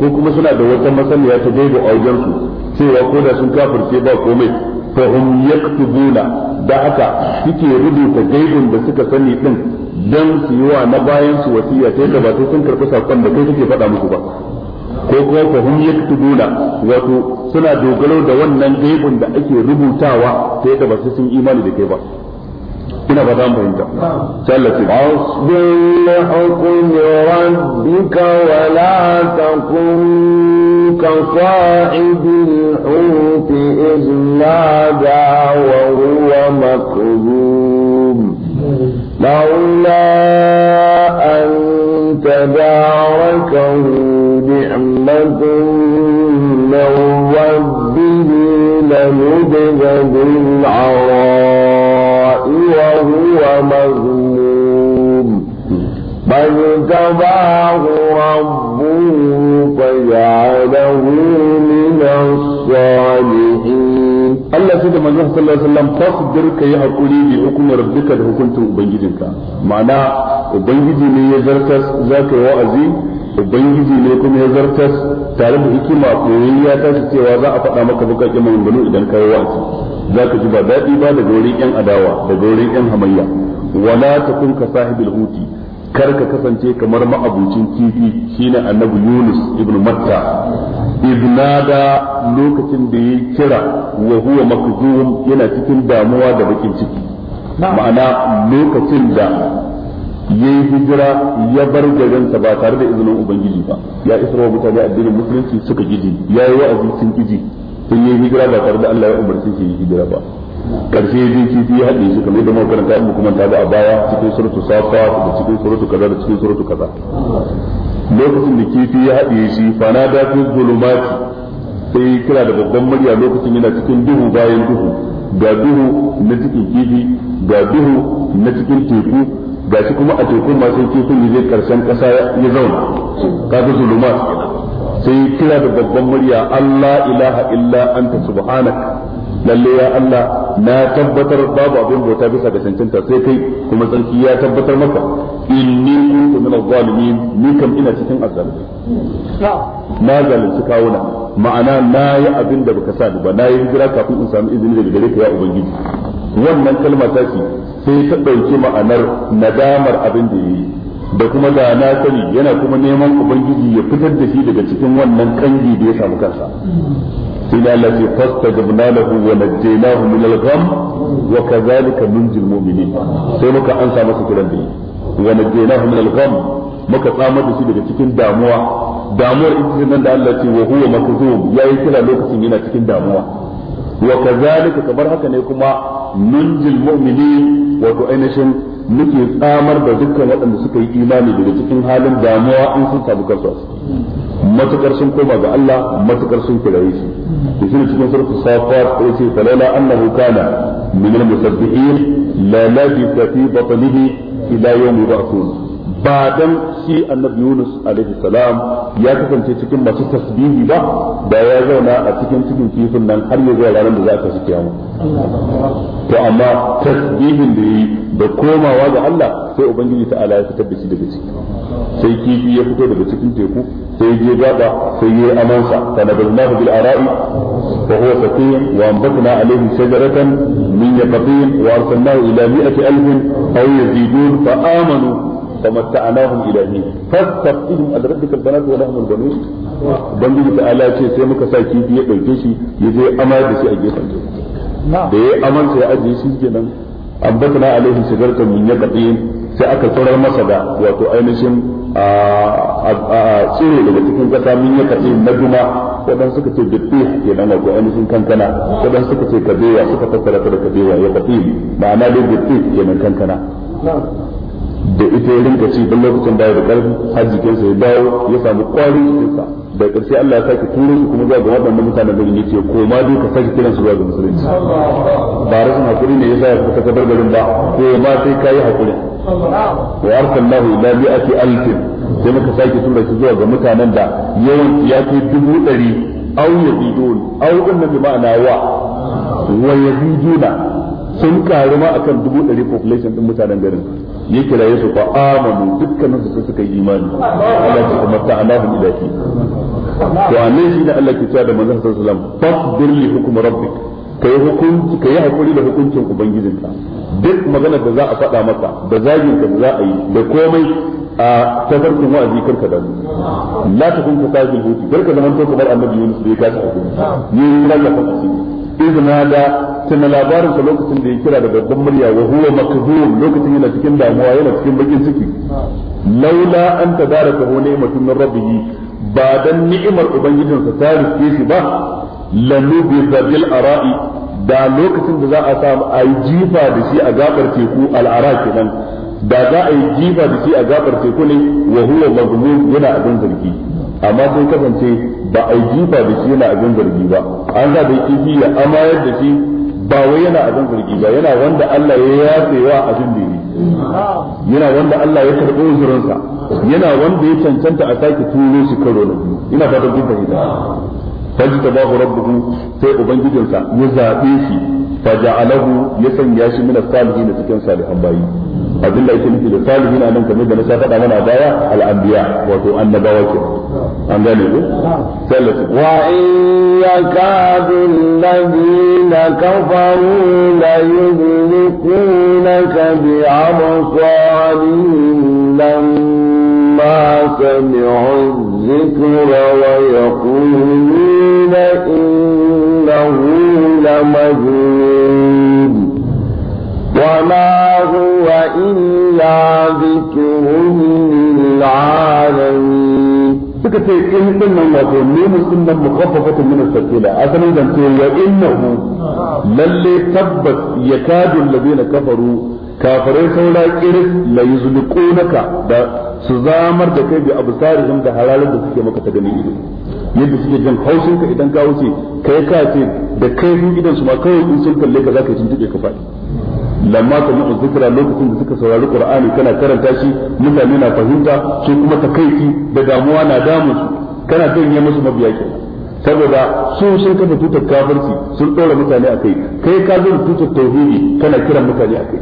ko kuma suna da wata masaniya ta gaibu a wajensu cewa ko da sun kafirce ba komai fa hum yaktubuna da haka suke rubuta gaibun da suka sani din dan su yi wa na bayan su wasiya sai da ba su sun karɓi sakon da kai kake faɗa musu ba ko kuma fa hum yaktubuna wato suna dogaro da wannan gaibun da ake rubutawa sai da ba su sun imani da kai ba هنا بدان بينك ثالثا اصبر لحكم ربك ولا تكن كصاحب الحوت اذ نادى وهو مكذوب لولا ان تداركه نعمة من ربه لنبذ بالعراق مظلوم بل تباه ربه فجعله من الصالحين الله annabi sallallahu alaihi wasallam fasbir ka yi hakuri bi hukumar rabbika da hukuncin ubangijinka ma'ana ubangiji ne ya zartas zaka wa'azi ubangiji ne kuma ya zartas tare da hikima koyayya ta shi cewa za a faɗa maka bukakin maganganu idan ka yi wa'azi zaka ji ba daɗi ba daga wurin yan adawa daga wurin yan hamayya wala takun ka sahibul huti kar ka kasance kamar ma'abucin kifi shine annabi Yunus ibn Matta Ibnada lokacin da ya kira wa huwa makzum yana cikin damuwa da bakin ciki ma'ana lokacin da ya yi hijira ya bar garinsa ba tare da izinin ubangiji ba ya isra wa mutane addinin musulunci suka gidi ya yi wa'azi sun gidi sun yi hijira ba tare da Allah ya umarci shi yi hijira ba karshe ya je kifi ya haɗe shi kamar yadda muka karanta mu kuma ta ga a baya cikin suratu safa da cikin suratu kaza da cikin suratu kaza lokacin da kifi ya haɗe shi fana da fi zulumati sai kira da babban murya lokacin yana cikin duhu bayan duhu ga duhu na cikin kifi ga duhu na cikin teku ga shi kuma a teku masu sai kifin ya je karshen ƙasa ya zauna kaga zulumat sai kira da babban murya Allah ilaha illa anta subhanak lalle ya Allah na tabbatar babu abin bauta bisa ga cancanta sai kai kuma sarki ya tabbatar maka inni kuntu min adh-dhalimin ni kam ina cikin azzalimi na zalunci kawuna ma'ana na yi abin da baka sani ba na yi hijira kafin in samu izini daga gare ka ya ubangiji wannan kalma ta ce sai ta ɗauki ma'anar nadamar abin da ya yi da kuma da na sani yana kuma neman ubangiji ya fitar da shi daga cikin wannan kangi da ya samu kansa sai da Allah ya fastajabna lahu wa najjaynahu min al-gham wa kadhalika nunjil mu'minin sai muka ansa masa kiran da wa najjaynahu min al-gham muka tsamar da shi daga cikin damuwa damuwar ita nan da Allah ce wa huwa makzub yayi kira lokacin yana cikin damuwa wa kadhalika kamar haka ne kuma nunjil mu'minin wato ainihin muke tsamar da dukkan waɗanda suka yi imani daga cikin halin damuwa an sun samu kansu matukar sun koma ga Allah matukar sun kiraye shi da shi cikin surku safat ko yace falala annahu kana min al-musabbihin la labisa fi batnihi ila yawm yub'athun ba dan shi annabi Yunus alaihi salam ya kasance cikin masu tasbihi ba da ya zauna a cikin cikin kifin nan har ya zuwa ranar da za a shi kiyama to amma tasbihin da yi da komawa ga Allah sai ubangiji ta'ala ya fitar da shi daga ciki sai kifi ya fito daga cikin teku sai je gaba sai yi amansa fa nabadnahu bil ara'i wa huwa saqim wa anbatna alayhi shajaratan min yaqtin wa arsalnahu ila mi'ati alfin aw yazidun fa amanu فمتعناهم إلى حين فاستفتهم أدركتك البنات ولهم البنون بنجي تعالى شيء سي muka sa kifi ya dauke shi ya je amar shi a gefen da ya amar sai ya ajiye shi kenan abbatna alaihi shigarkan min yaqin sai aka tsorar masa da wato ainihin a tsire daga cikin kasa min yaqin na duma wadan suka ce bitti kenan ga ainihin kankana wadan suka ce kabewa suka tattara da kabewa ya ma'ana da kenan kankana da ita ya rinka ci don lokacin da da ƙarfi har jikinsa ya dawo ya samu kwari jikinsa da ƙarshe Allah ya sake turo shi kuma zuwa ga waɗannan mutanen garin ce ko ma duka ka sake kiransu zuwa ga musulunci ba rashin hakuri ne yasa ya fita kabar garin ba ko ma sai kai hakuri wa arsalnahu ila mi'ati alfin sai muka sake tura shi zuwa ga mutanen da yawan ya kai dubu ɗari au yazidun au din na bi ma'ana wa wa yaziduna sun karu ma akan dubu ɗari population din mutanen garin ya kiraye su fa amanu dukkanin su suka yi imani Allah ya kuma ta Allahu ilahi to annabi shine Allah ke cewa da manzon sallallahu alaihi wasallam fasbir li hukm rabbik kai hukunci kai hakuri da hukuncin ubangijinka duk magana da za a faɗa maka da zagin ka za a yi da komai a tafarkin wa'azi karka da la ka sabil huti karka zaman to kamar annabi Yunus bai hukunci ni ka izna da tana labarinsa lokacin da ya kira da babban murya wa huwa lokacin yana cikin damuwa yana cikin bakin ciki laula an tadarakahu ni'matun min rabbih ba dan ni'imar ubangijinsa ta rike shi ba lanubiza bil ara'i da lokacin da za a sa a yi jifa da shi a gabar teku al'ara kenan da za a yi jifa da shi a gabar teku ne wa huwa yana abin zargi amma sai kasance ba a jifa da shi yana abin zargi ba an za da kifi ya amayar da shi ba wai yana abin zargi ba yana wanda Allah ya yafe wa abin da yana wanda Allah ya karɓi uzurinsa yana wanda ya cancanta a sake turo shi karo na biyu ina fatan kun fahimta fajtabahu rabbuhu sai ubangijinsa ya zaɓe shi faja'alahu ya sanya shi min as-salihin cikin salihan bayi abin da yake nufi da salihin nan kamar da na sha faɗa mana baya al'anbiya wato annabawa ke an gane ku salatu wa in yakadu alladhina kafaru la yudrikunaka bi absarihim lamma sami'u dhikra wa yaquluna innahu lamajnun وما هو إلا ذكر للعالمين suka ce in din nan wato mimun din nan mukhaffafatun min as-sakila asalin dan ce ya innahu lalle tabbas yakadu alladhina kafaru kafirai saura kiris la yuzliqunaka da su zamar da kai bi absarihim da halalar da suke maka ta gani ido yadda suke jin ka idan ka wuce kai ka ce da kai idan su ma kawai in sun kalle ka zaka tuntube ka faɗi lamma sami'u zikra lokacin da suka saurari qur'ani kana karanta shi mutane na fahimta su kuma takaici da damuwa na damu su kana janye musu mabiya kenan saboda su sun kafa tutar kafirci sun dora mutane akai kai ka zo tutar tauhidi kana kiran mutane akai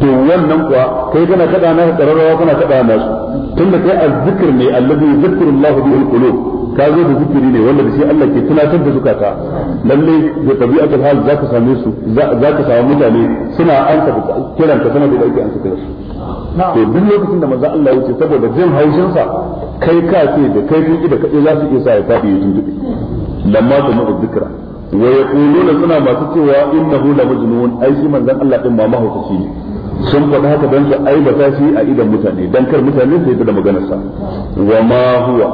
to wannan kuwa kai kana kada na kararrawa kana kada na su tunda kai azzikr ne allazi zikrullahu bihi alqulub ka zo da zikiri ne wanda da shi Allah ke tunatar da zukata lalle da tabi'atul hal zaka same su zaka samu mutane suna anka kiran ka sanar da ake anka kiran su to duk lokacin da manzo Allah ya ce saboda jin haushin sa kai ka ce da kai kun da kaɗai za su iya sa ya faɗi ya tuntube lamma ta ma'a zikra wa yaquluna suna masu cewa innahu la majnun ai shi manzon Allah din ma mahaukaci ne sun faɗi haka don su aibata shi a idan mutane dan kar mutane su yi da maganarsa wa ma huwa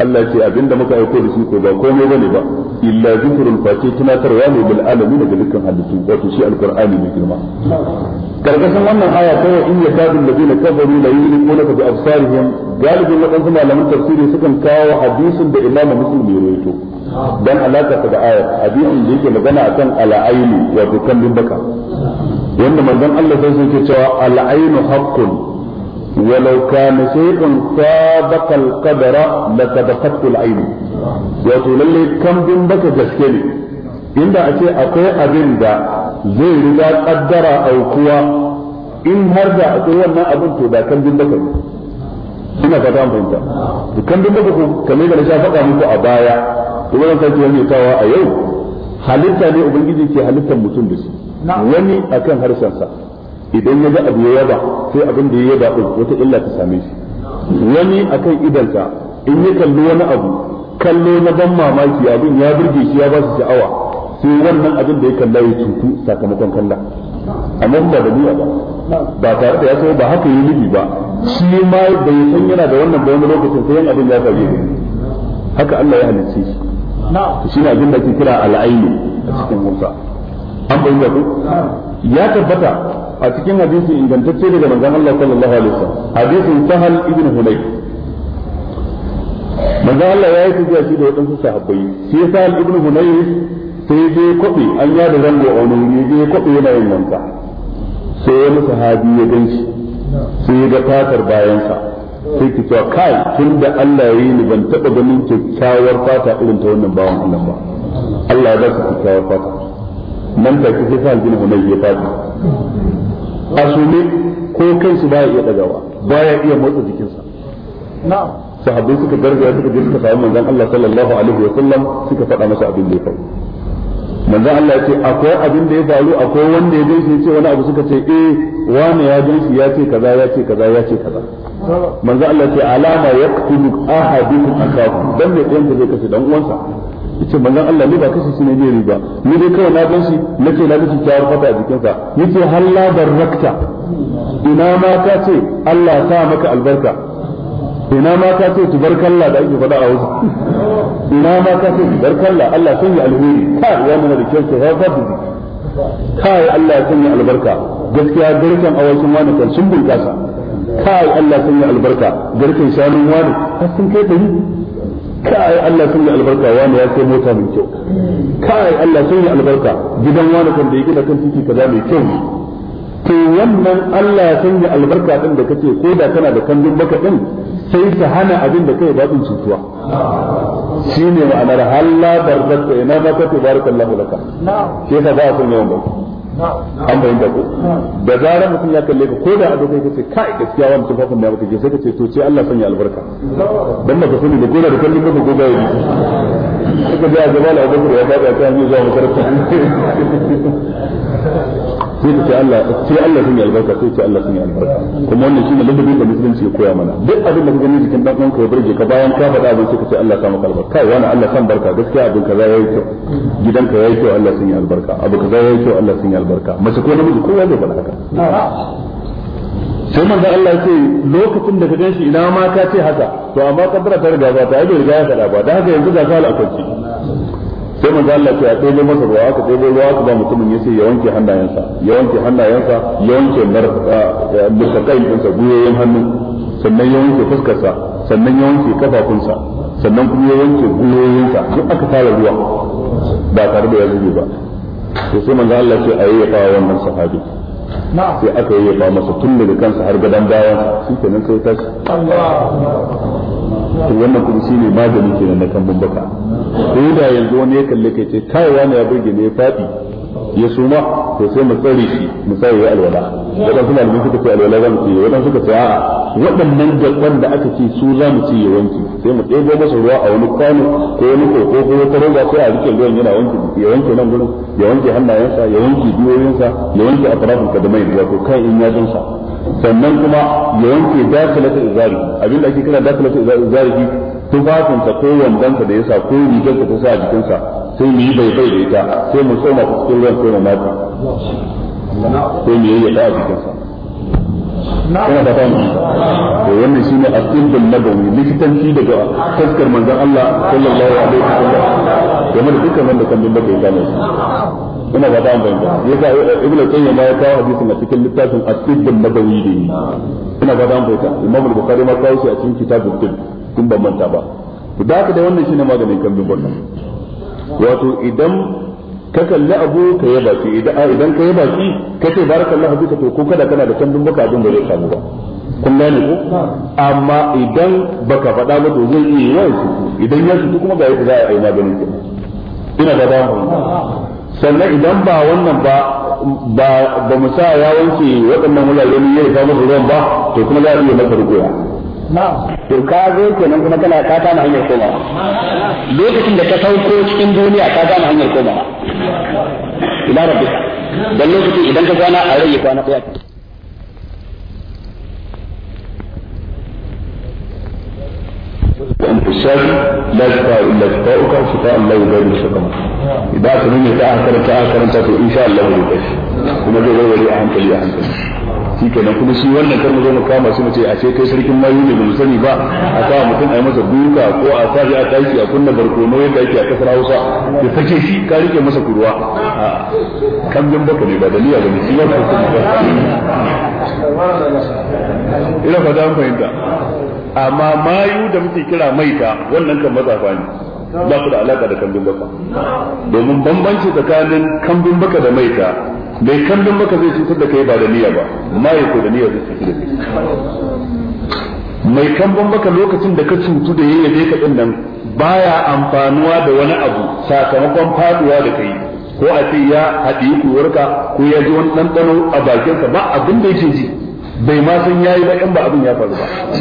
Allah ce abinda muka aiko da shi ko ba komai bane ba illa zikrul fati tunatarwa ne bil alamin daga dukkan halittu wato shi alqur'ani mai girma karkashin wannan aya ta in ya tabu ladina kafaru la yu'minuna bi absarihim galibin wadansu malaman tafsiri sukan kawo hadisin da imam muslim ya rawaito dan alaka da ayat hadisin da yake magana akan al'ainu wato kallin baka wanda manzon Allah sai yake cewa al'ainu haqqun ولو كان شيء سابق القدر لسبقته العين wato lalle kambin baka gaske ne inda a ce akwai abin da zai riga kaddara aukuwa in har da akwai wannan abin to da kambin baka ne ina ka fahimta to kambin baka ko kamar da na faɗa muku a baya kuma zan sake wani tawa a yau halitta ne ubangiji ke halittar mutum da shi wani akan harshensa idan ya ga abu ya yaba sai abin da ya yaba din wata illa ta same shi wani akan idanta in ya kalli wani abu kallo na ban mamaki abin ya burge shi ya ba su sha'awa sai wannan abin da ya kalla ya cutu sakamakon kalla amma ba da niyya ba ba tare da ya so ba haka yi nufi ba shi ma ya san yana da wannan bayan lokacin sai yan abin ya same shi haka Allah ya halicce shi shi ne abin da ke kira al'aini a cikin Musa an bayyana ku ya tabbata a cikin hadisi ingantacce daga manzon Allah sallallahu alaihi wasallam hadisin sahal ibn hulay manzon Allah ya yi tafiya shi da wadansu sahabbai shi sahal ibn hulay sai je kwabe an ya da zango a wani wuri je kwabe yana yin wanka sai wani sahabi ya gan shi sai ya ga fatar bayansa sai ki cewa kai tun da Allah ya yi ni ban taba ganin kyakkyawar fata irin ta wannan bawan Allah ba Allah ya ba su kyakkyawar fata nan take sai sa'al bin hunayf ya fadi a sume ko kansu baya iya dagawa baya iya motsa jikinsa na'am sahabbai suka gargaya suka je suka samu manzon Allah sallallahu alaihi wa sallam suka faɗa masa abin da ya faru manzon Allah ya ce akwai abin da ya faru akwai wanda ya gaishe ce wani abu suka ce eh wani ya gaishe ya ce kaza ya ce kaza ya ce kaza manzon Allah ya ce alama yaqtulu ahadukum akahu dan ne ɗayan zai kashe dan uwansa yace manzon Allah ni ba kashi shi ne bai ba ni dai kawai na ganshi nake na miki kyawar fata a jikinsa yace halla barakta ina ma ka ce Allah ta maka albarka ina ma ka ce tubarkalla da ake faɗa a wasu ina ma ka ce tubarkalla Allah sanya alheri ka ya mana da kyau ya fa ka kai Allah ya sanya albarka gaskiya garkan awakin wani kan sun bunkasa ka kai Allah ya sanya albarka garkan shanun wani har sun kai dari kai Allah sun yi albarka wani ya kai mota mai kyau kai Allah sun yi albarka gidan wani kan da yake gina kan titi kaza mai kyau to wannan Allah ya sanya albarka din da kake ko da kana da kandun baka din sai ta hana abin da kai dadin cutuwa shine ma'anar halla barzaka ina baka tabarakallahu laka shi yasa ba a yawan baki an da ku da zarar mutum ya kalle ka ko da ado kai kace kai gaskiya wannan tufafin da baka je sai kace to ce Allah sanya albarka dan baka sani da gora da kallon baka goga yi suka ji a gaba da ya faɗa ta hanyar zuwa makaranta sai ta ce Allah sai Allah sun yi albarka sai ce Allah sun yi albarka kuma wannan da musulunci ya koya mana duk abin da ka gani jikin dan uwanka ya burge ka bayan ka faɗa abin sai ka ce Allah maka albarka kai wani Allah san barka gaskiya abin kaza yayi kyau gidanka yayi kyau Allah sun yi albarka abu kaza kyau Allah sun yi albarka mace ko namiji kowa zai faɗa haka sai manzo Allah ce lokacin da ka ganshi ina ma ka ce haka to amma kaddara ta riga ba ta yi riga ya faɗa ba dan haka yanzu ga sala akwai sai manzo Allah ce a ɗebo masa ruwa aka ɗebo ruwa aka ba mutumin yace ya wanke hannayensa ya wanke hannayensa ya wanke musakai ɗinsa guyoyin hannu sannan ya wanke fuskarsa sannan ya wanke kafafunsa sannan kuma ya wanke guyoyinsa duk aka tara ruwa ba tare da ya zube ba sai manzo Allah ce a yayyafa wannan sahabi sai aka yi ba masa tun daga kansa har gadon bayan shi ke nan sai ta to wannan kuma ne magani kenan na kan baka sai da yanzu wani ya kalli kai ce kawai wani ya burge ne ya fadi ya suma to sai mu tsare shi mu sai ya alwala wadan kuma malamai suka ce alwala zamu ce wadan suka ce a'a waɗannan da wanda aka ce su zamu ce ya wanke sai mu ɗebo masa ruwa a wani kwano ko wani koko ko wata roba sai a rike ruwan yana wanke ya wanke nan gurin ya wanke hannayensa ya wanke biyoyinsa ya wanke atrafin kadamai da ko kan in ya dinsa sannan kuma ya wanke dakalata izari abin da ake kira dakalata izari tufafinsa ko wandanka da ya sa ko rigar ta sa a jikinsa sai mu yi bai da ita sai mu tsoma ta cikin ruwan sai mu mata sai mu yi ya ta jikin sa ina da ta mu to wannan shine asbin nabawi likitanci daga taskar manzan Allah sallallahu alaihi wasallam game da dukkan wanda kan bin bakai gane ina ba ta mu yasa ibn al qayyim ya kawo hadisin a cikin littafin asbin nabawi ne ina ba ta mu imam al-bukhari ma kawo shi a cikin kitabul tibb kun ban manta ba to da haka da wannan shi ne maganin kan bin bakai wato idan ka kalli abu ka yi baki idan ka yi baki ka ce barakallahu fika to ko kada kana da kandun baka abin da zai samu ba kun gane ko amma idan baka faɗa ba to zai iya yawan su idan ya su kuma ga yadda za a yi maganin ki ina da damu sannan idan ba wannan ba ba ba mu sa ya wanke waɗannan wurare ne ya samu ruwan ba to kuma za a iya masa rukuya to ka zo kenan kuma kana ka kama hanyar koma lokacin da ka sauko cikin duniya ka kama hanyar koma ila rabbika dan lokacin idan ka kwana a rayi kwana daya وأنت الشافي لا شفاء إلا شفاؤك شفاء الله يبين السقم إذا كنت تأخر تأخر تأخر إن شاء الله يبين kuma zai wani a hankali a hankali shi kenan kuma shi wannan kar mu zo mu kama shi mu ce a ce kai sarkin mayu ne ba mu sani ba a sa mutum a yi masa duka ko a sa shi a tashi a kunna barkono yadda ake a kasar Hausa ya sake shi ka rike masa kurwa kan jin baka ne ba daliya ba ne shi ba ka kuma ina fata an fahimta amma mayu da muke kira maita wannan kan mazafa ne ba su da alaka da kambin baka domin bambanci tsakanin kambin baka da maita mai kambin baka zai cutar da kai ba da niyya ba mayu ko da niyya zai cutar da kai mai kambin baka lokacin da ka cutu da yayyaje ka din nan baya amfanuwa da wani abu sakamakon faduwa da kai ko a ce ya haɗi kuwarka ko ya ji wani ɗanɗano a bakinsa ba abin da yake ji bai ma san yayi ba in ba abin ya faru ba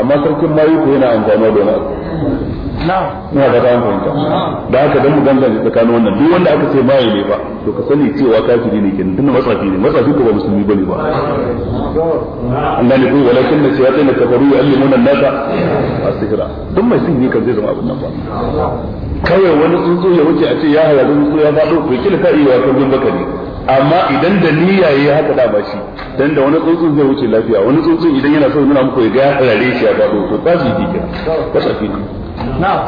amma sarkin mayu ko yana amfani da wani na da ran fahimta da haka dan mu gangance tsakanin wannan duk wanda aka ce mayu ne ba to ka sani cewa kafiri ne kenan tunda masafi ne masafi ko ba musulmi bane ba Allah ne ko walakin da shayatin da kafaru alli an-nasa as-sihra duk mai yi kan zai zama abin nan ba kawai wani tsuntsu ya wuce a ce ya halalu tsuntsu ya faɗo ko kila ka iya wa kan bakari amma idan da niyya yayi haka da ba shi dan da wani tsuntsun zai wuce lafiya wani tsuntsun idan yana so nuna muku ya ga rare shi ya gado to ta ji kira ka tafi na'am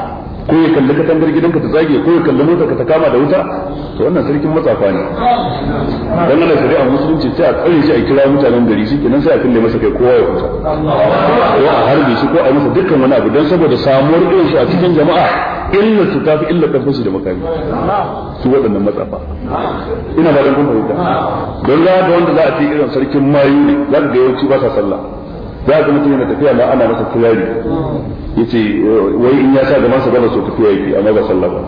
ko ya kalli katangar gidanka ta zage ko ya kalli motar ka ta kama da wuta to wannan sarkin matsafa ne dan Allah a musulunci sai a tsare shi a kira mutanen gari shi kenan sai a kalle masa kai kowa ya kusa ko a harbe shi ko a masa dukkan wani abu dan saboda samuwar ɗin shi a cikin jama'a illa su tafi illa karfin su da makami su waɗannan matsafa ina ba don kuma ita don za ga wanda za a ce irin sarkin mayu ne za ka ga yawanci ba sa sallah za ka mutum yana tafiya ma ana masa kirari ce wai in ya sa gaban sa gaba so tafiya yake amma ba sallah ba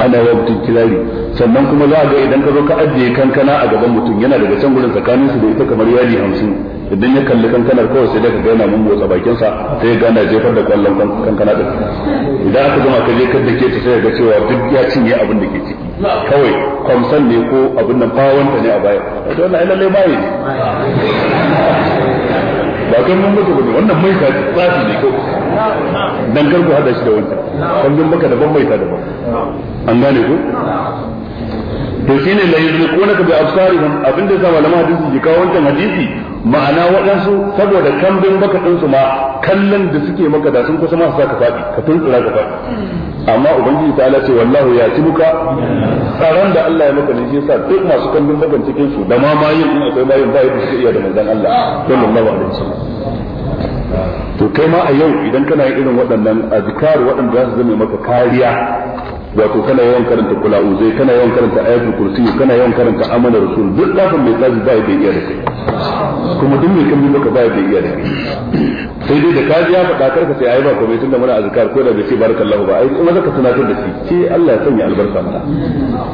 ana wabtin kirari sannan kuma za a ga idan ka zo ka ajiye kankana a gaban mutum yana daga can gurin tsakanin su da ita kamar yadi hamsin idan ya kalli kankanar kawai sai daga gana mun motsa bakin sa sai ya gana jefar da kwallon kankana din idan aka zama ka je kadda ke ta sai ga cewa duk ya cinye abin da ke ciki kawai kwamsan ne ko abin nan bawon ne a baya to wannan ai lalle ne ba kan mun mutu bane wannan mai ta tsafi ne ko dan karbu hada shi da wancan kangin baka da ban mai ta da ba. an gane ko to shine la yuzliqunaka bi absarihim abinda sa malama hadisi ji kawo wancan hadisi ma'ana waɗansu saboda kan kambin baka din su ma kallon da suke maka da sun kusa ma su saka faɗi ka tuntsura ka faɗi amma ubangiji ta ce wallahu ya ci buka tsaron da Allah ya maka ne shi yasa duk masu kallon bakan cikin su da ma mayin in akwai mayin ba yadda suka iya da manzon Allah sallallahu alaihi wasallam to kai ma a yau idan kana yin irin waɗannan azkar waɗanda za su zama maka kariya wato kana yawan karanta kula uzai kana yawan karanta ayatul kursi kana yawan karanta amana rasul duk lafin mai tsaji ba da iya da kai kuma duk mai kambi baka ba da iya da kai sai dai da ka ji ya faɗa karka sai ayi ba komai tunda muna azkar ko da bai ce barakallahu ba ai kuma zaka tunatar da shi ce Allah ya sanya albarka mana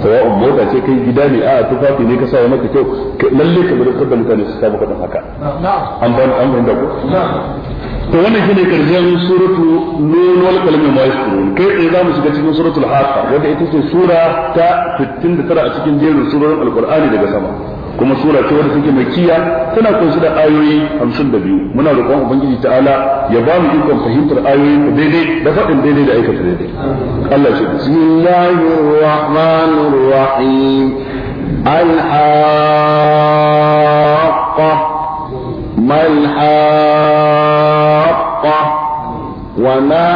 sawa'un mota ce kai gida ne a tufafi ne ka sa maka kyau lalle ka bi da mutane su samu kadan haka an ban an ban da ku to wannan shine karshen suratu nun wal qalami ma kai tsaye mu shiga cikin suratul haqa wanda ita ce sura ta 69 a cikin jerin surorin alqur'ani daga sama kuma sura ce wadda take makiya tana kunshi da ayoyi 52 muna roƙon ubangiji ta'ala ya ba mu ikon fahimtar ayoyin da daidai da faɗin daidai da aikata daidai Allah shi bismillahir rahmanir rahim al ما الحاقة وما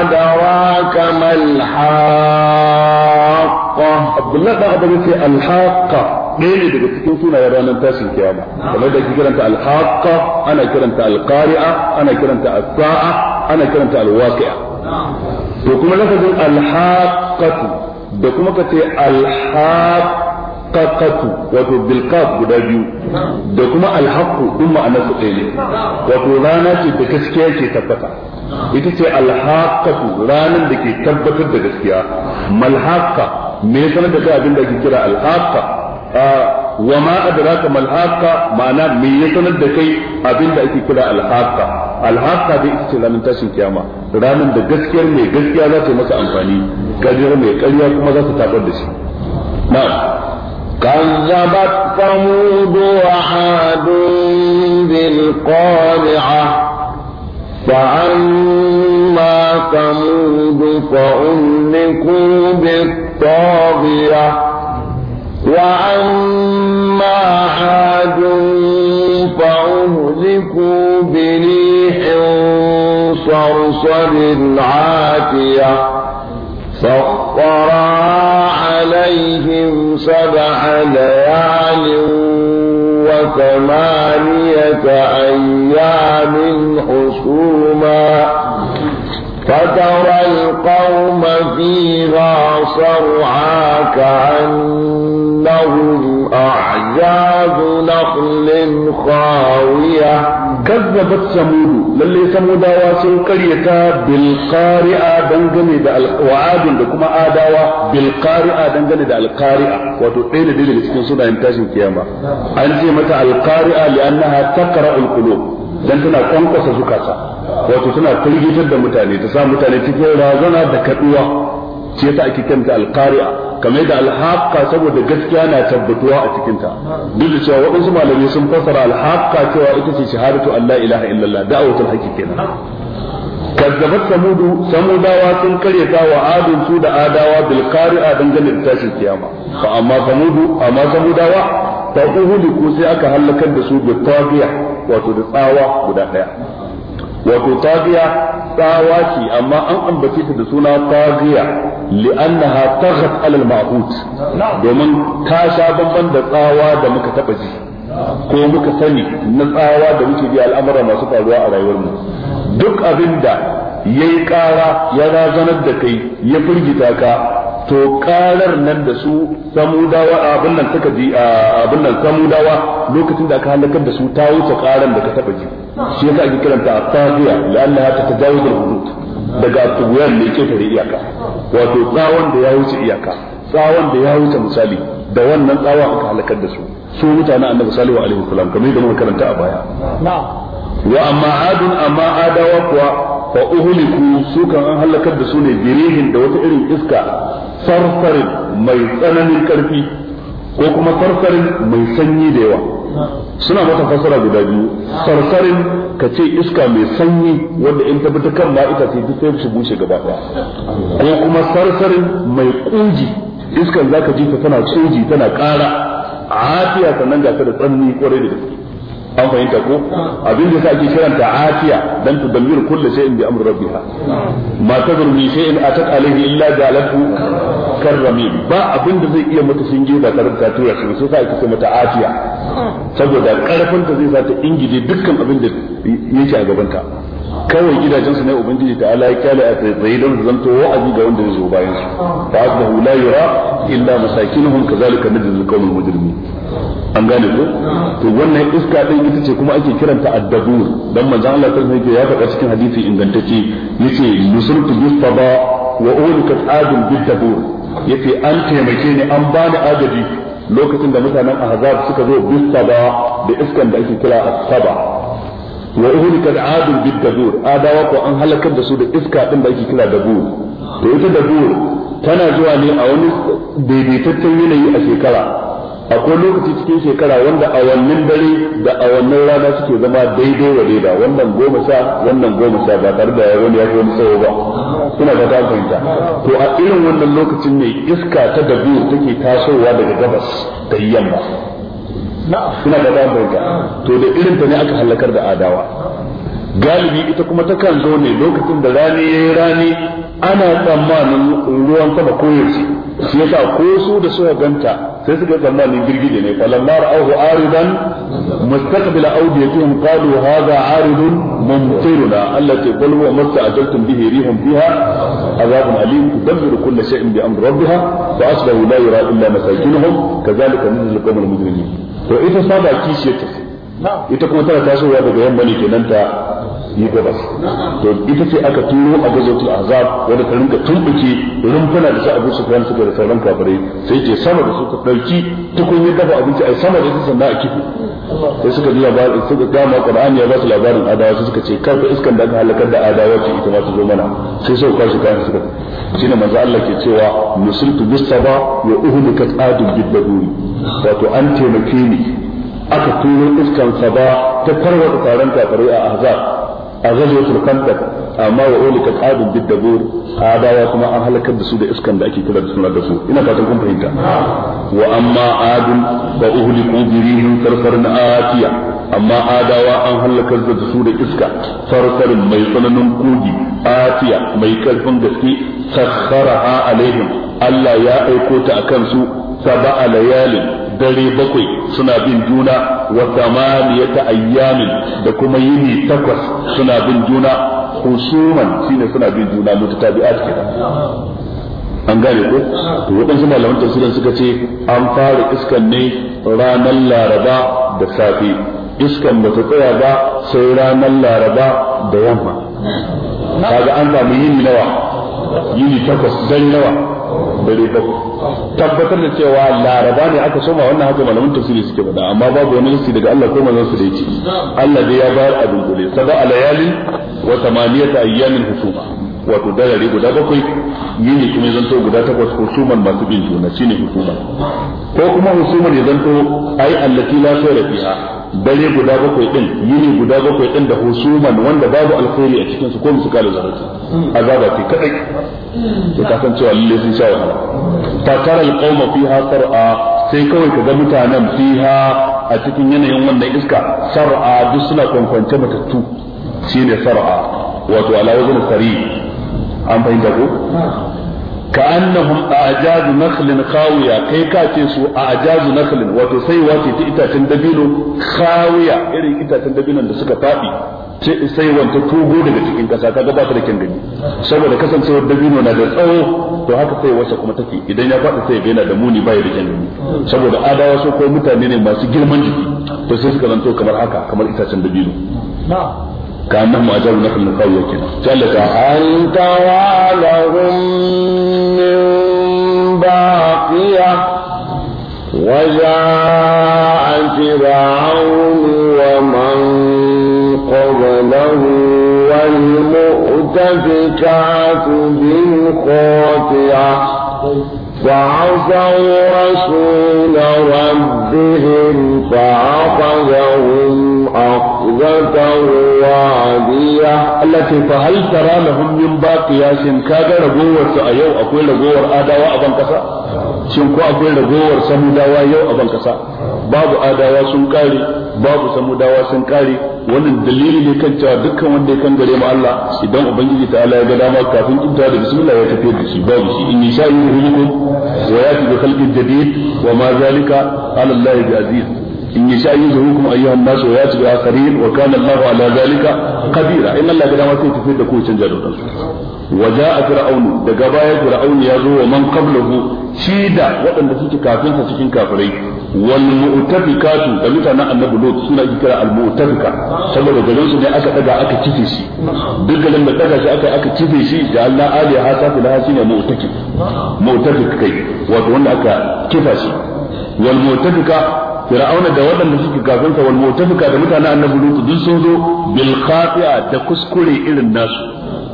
أدراك ما الحاقة عبد الله بعد ذلك الحاقة قيل إذا كنت هنا يا رانا تاس الكيامة فماذا كنت الحاقة أنا كنت القارئة أنا كنت الساعة أنا كنت الواقعة وكما لفظ الحاقة وكما كنت الحاقة alhaqqaqatu wato bilqaf guda biyu da kuma alhaqqu din ma'ana su ɗaya ne wato rana ce da gaskiya ke tabbata ita ce alhaqqatu ranan da ke tabbatar da gaskiya malhaqqa me ya sanar da kai abin da ake kira alhaqqa wa ma adraka malhaqqa ma'ana me ya sanar da kai abin da ake kira alhaqqa alhaqqa da ita ce ranar tashin kiyama ranan da gaskiyar mai gaskiya za ta masa amfani gajiyar mai ƙarya kuma za ta tabar da shi na'am كذبت ثمود وعاد بالقارعة فأما ثمود فأهلكوا بالطاغية وأما عاد فأهلكوا بريح صرصر عاتية وقرى عليهم سبع ليال وثمانية أيام حسوما فترى القوم فيها صرعا كأنهم أعجاز نخل خاوية kazzabat samudu lalle samudawa sun karyata bil qari'a dangane da alwadin da kuma adawa bilkari'a qari'a dangane da al qari'a wato ɗaya da daga cikin sunayen tashin kiyama an ce mata al qari'a li'annaha taqra'u al qulub dan tana kwankwasa zukata wato tana firgitar da mutane ta sa mutane cikin razana da kaɗuwa. shi ta ake kanta alqari'a kamar yadda alhaqqa saboda gaskiya na tabbatuwa a cikin ta duk da cewa waɗansu malamai sun fassara alhaqqa cewa ita ce shahadatu Allah ilaha illallah da'awatul haqqi kenan kazzabat samudu samudawa sun karyata wa adun su da adawa bil qari'a dangane da tashin kiyama fa amma samudu amma samudawa fa uhuliku sai aka halakar da su bi wato da tsawa guda daya wato tafiya tsawa ce amma an ambace ta da suna fariya li'annaha taghat alal ma'ut domin ta sha bamban da tsawa da muka taba ji ko muka sani na tsawa da muke bi al'amura masu faruwa a rayuwar mu duk abinda yayi ƙara ya razanar da kai ya firgita ka to karar nan da su samudawa abin nan suka ji abin nan samudawa lokacin da aka halakar da su ta wuce karar da ka taba ji shi yasa ake kiranta asafiya la'alla ta tajawuz al-hudud daga tubuyan ne ketare iyaka wato tsawon da ya wuce iyaka tsawon da ya wuce misali da wannan tsawa aka halakar da su su mutanen annabi salihu alaihi salam kamar yadda muka karanta a baya wa amma adun amma adawa kuwa fa uhliku su kan an halakar da su ne birihin da wata irin iska sarfarin mai tsananin karfi ko kuma sarfarin mai sanyi da yawa suna mata fasara guda biyu sarfarin ka ce iska mai sanyi wanda in tafi ta kan ma ita ce duk sai bushe gaba ko kuma farfarin mai kuji iskan zaka ji ta tana soji tana ƙara afiya sannan ga ta da tsanani kwarai da gaske an fahimta ko abin da ake kiranta afiya dan tu damir kullu shay'in bi amri rabbiha ma tadru min a atat alayhi illa jalathu karrami ba abin da zai iya mata singe ba tare da tura shi sai ake ce mata afiya saboda karfin ta zai sa ta ingije dukkan abin da yake a gabanta kawai gidajensu ne ubangiji ta ala ya kyale a tsaye don su zanto wa'azi ga wanda ya zo bayan su fa asbahu la yura illa masakinuhum kazalika najzil qawmul mujrimin an gane ko to wannan iska din ita ce kuma ake kiranta addabur dan manzon Allah ta sai ya faɗa cikin hadisi ingantacce yace nusultu bisaba wa ulikat adun bidabur yace an taimake ni an bani adadi lokacin da mutanen ahzab suka zo bisaba da iskan da ake kira saba wa uhlikat adun bid dabur adawa ko an halakar da su da iska din da ake kira dabur to ita dabur tana zuwa ne a wani daidaitaccen yanayi a shekara akwai lokaci cikin shekara wanda a wannan dare da a wannan rana suke zama daidai wa daida wannan goma sha wannan goma sha ba tare da wani ya wani tsawo ba suna da ta fahimta to a irin wannan lokacin ne iska ta dabur take tasowa daga gabas da yamma suna da bayan barka to da irin ta ne aka halakar da adawa galibi ita kuma ta kan zo ne lokacin da rani yayi rani ana tsammanin ruwan sama ko yace shi yasa ko su da suka ganta sai suka tsammanin girgije ne falamma ra'ahu aridan mustaqbila awdiyatihim qalu hadha aridun mumtiruna allati qul huwa musta'jaltum bihi rihum fiha azabun alim tudabbiru kull shay'in bi amri rabbiha fa asbahu la yara illa masakinuhum kadhalika nuzul qawmul mujrimin to ita saba kishi ta ita kuma tana tasowa daga yamma ne kenan ta yi gabas to ita ce aka turo a gazotul azab wanda ta rinka tumbuke rumfuna da su abu su kan suka da sauran kafirai sai ce sama da suka dauki tukunyar dafa abinci ai sama da su sannan a kifi sai suka ji labarin suka gama qur'ani ya ba su labarin adawa sai suka ce kar fa iskan da aka halakar da adawa ce ita ma ta zo mana sai suka kwashi kayan suka shine manzo Allah ke cewa nusultu bisaba wa uhlikat adu bidbaduri wato an taimake ni aka turo iskan saba ta tarwata taron kafirai a ahzab a ghazwatul khandaq amma wa ulika qadun bid dabur adawa kuma an halakar da su da iskan da ake kira da suna da su ina fatan kun fahimta wa amma adun fa uhliku bi rihin sarsarin atiya amma adawa an halakar da su da iska sarsarin mai tsananin kogi atiya mai karfin gaske sakharaha alaihim Allah ya aiko ta akan su sab'a layalin dare bakwai suna bin juna wa thamaniyata ayyamin da kuma yini takwas suna bin juna husuman shine suna bin juna mutatabi'at kenan an gane ko to waɗansu malaman tafsirin suka ce an fara iskan ne ranar laraba da safe iskan ba ta tsaya ba sai ranar laraba da yamma kaga an samu yini nawa yini takwas dare nawa dare bakwai tabbatar da cewa laraba ne aka soma wannan haka malaman tafsiri suke faɗa amma babu wani lissi daga Allah ko manzon su da yake Allah dai ya bayar a dunkule sab'a layalin wa thamaniyata ayyamin husuma wato dalari guda bakwai yini kuma zan to guda takwas husuman masu bin juna shine hukuma. ko kuma husuman ya zanto ai allati la khayra fiha dare guda bakwai din yini guda bakwai din da husuman wanda babu alkhairi a cikin su ko musu kalu zarati azaba ce kadai to ka san cewa lalle sun sha wahala Ta tara alqauma fiha sar'a sai kawai ka ga mutanen fiha a cikin yanayin wannan iska sar'a duk suna kwankwance matattu shine sar'a wato ala wajin sari an fahimta ko ka annahum a'jazu nakhlin khawiya kai ka ce su a'jazu nakhlin wato sai wace ta itacen dabino khawiya irin itacen dabino da suka fadi sai wanta tugo daga cikin kasa kaga ba ta da kin gani saboda kasancewar dabino na da tsawo to haka sai wace kuma take idan ya fadi sai yana da muni bai da kin gani saboda adawa so ko mutane ne masu girman jiki to sai suka zanto kamar haka kamar itacen dabino na'am كأنهم أجاب نخل قوية كده قال لك انت وعلهم من باقية وجاء فرعون ومن قبله والمؤتفكات بالخاطئة فعصوا رسول ربهم فعصوا أخذة وعدية التي فهل ترى لهم من باقي شن كاغا لقوة أيو أقول لقوة آداوة أبن كسا شن أقول لقوة سموداوة أيو أبن كسا باب آداوة سنكاري باب سموداوة سنكاري wannan dalili ne kan cewa dukkan wanda ya kangare ma Allah idan ubangiji ta Allah ya ga dama kafin kinta da bismillah ya tafi da shi babu shi in sha yuhyikum wa yati bi khalqin jadid wa ma zalika ala Allah bi aziz إن يشاء يزهركم أيها الناس ويأتي بآخرين وكان الله على ذلك قديرا إن الله قد أمركم تفيد كل شنجر وجاء فرعون دقبايا فرعون يزو ومن قبله شيدا وأن تسيك كافرين تسيكين كافرين والمؤتفكات دمتا نا النبي لوط سنة كرا المؤتفكة saboda garin su ne aka daga aka kife shi duk garin da daga shi aka aka kife shi da Allah ali ha ta kula shine mu'takif mu'tafik kai wato wanda aka kifa shi wal mu'tafika fir'auna da waɗanda suke kafin sa wal mutafika da mutanen annabi lutu duk sun zo bil khafi'a da kuskure irin nasu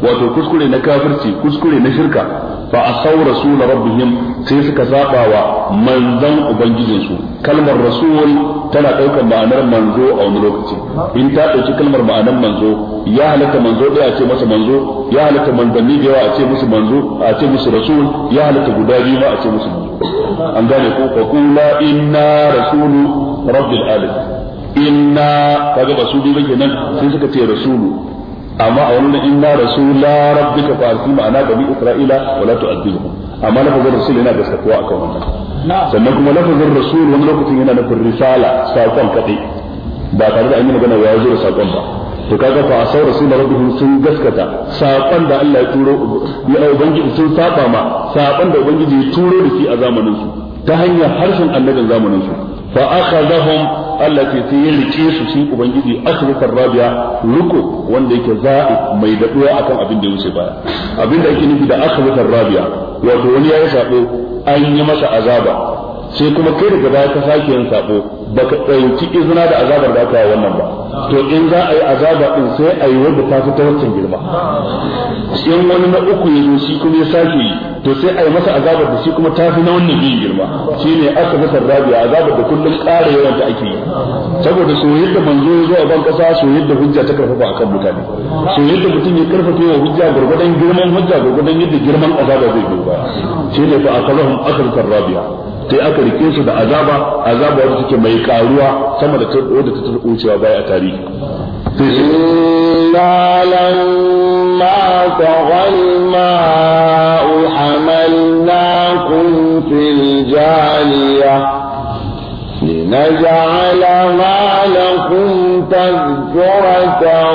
wato kuskure na kafirci kuskure na shirka fa asaw rasul rabbihim sai suka saba wa manzan ubangijin su kalmar rasul tana daukar ma'anar manzo a wani lokaci in ta dauki kalmar ma'anar manzo ya halaka manzo da a ce masa manzo ya halaka manzanni da yawa a ce musu manzo a ce musu rasul ya halaka guda biyu ma a ce musu manzo an gane ko fa qulna inna rasulu rabbil alamin inna kaga ba su biyu kenan sai suka ce rasulu amma a wannan inna rasula rabbika fa arsil ma'ana bani isra'ila wa la tu'adhibuhum amma lafazin rasul yana da sakuwa akan wannan sannan kuma lafazin rasul wani lokacin yana da risala sakon kadai ba tare da an yi magana ya zo da sakon ba to kaga fa asau rasul rabbihim sun gaskata sakon da Allah ya turo ya ubangiji sun saba ma sakon da ubangiji ya turo da shi a zamanin su ta hanyar harshen annabin zamanin su fa akhadhahum allati fi yalqi su shi ubangiji ashrikar rabiya ruku wanda yake za'i mai daduwa akan abin da ya wuce baya abin da yake nufi da ashrikar rabiya wato wani yayi zaɓe an yi masa azaba sai kuma kai daga baya ka sake yin sabo baka ɗauki izina da azabar da aka yi wannan ba to in za a yi azaba din sai a yi wanda ta fi ta wancan girma in wani na uku ya zo shi kuma ya sake yi to sai a yi masa azabar da shi kuma ta fi na wannan biyun girma ne aka fi sarrabiya azabar da kullum ƙara yawan da ake yi saboda soyayyar da manzo ya zo a ban kasa soyayyar da hujja ta karfafa a kan mutane Soyayyar da mutum ya karfafa wa hujja gurgudan girman hujja gurgudan yadda girman azaba zai zo ba shine fa akalahum akhar sarrabiya sai aka rike su da azaba azaba wanda take mai karuwa sama da wadda ta tafi wucewa baya a tarihi إنا لما طغى الماء حملناكم في الجارية لنجعل ما لكم تذكرة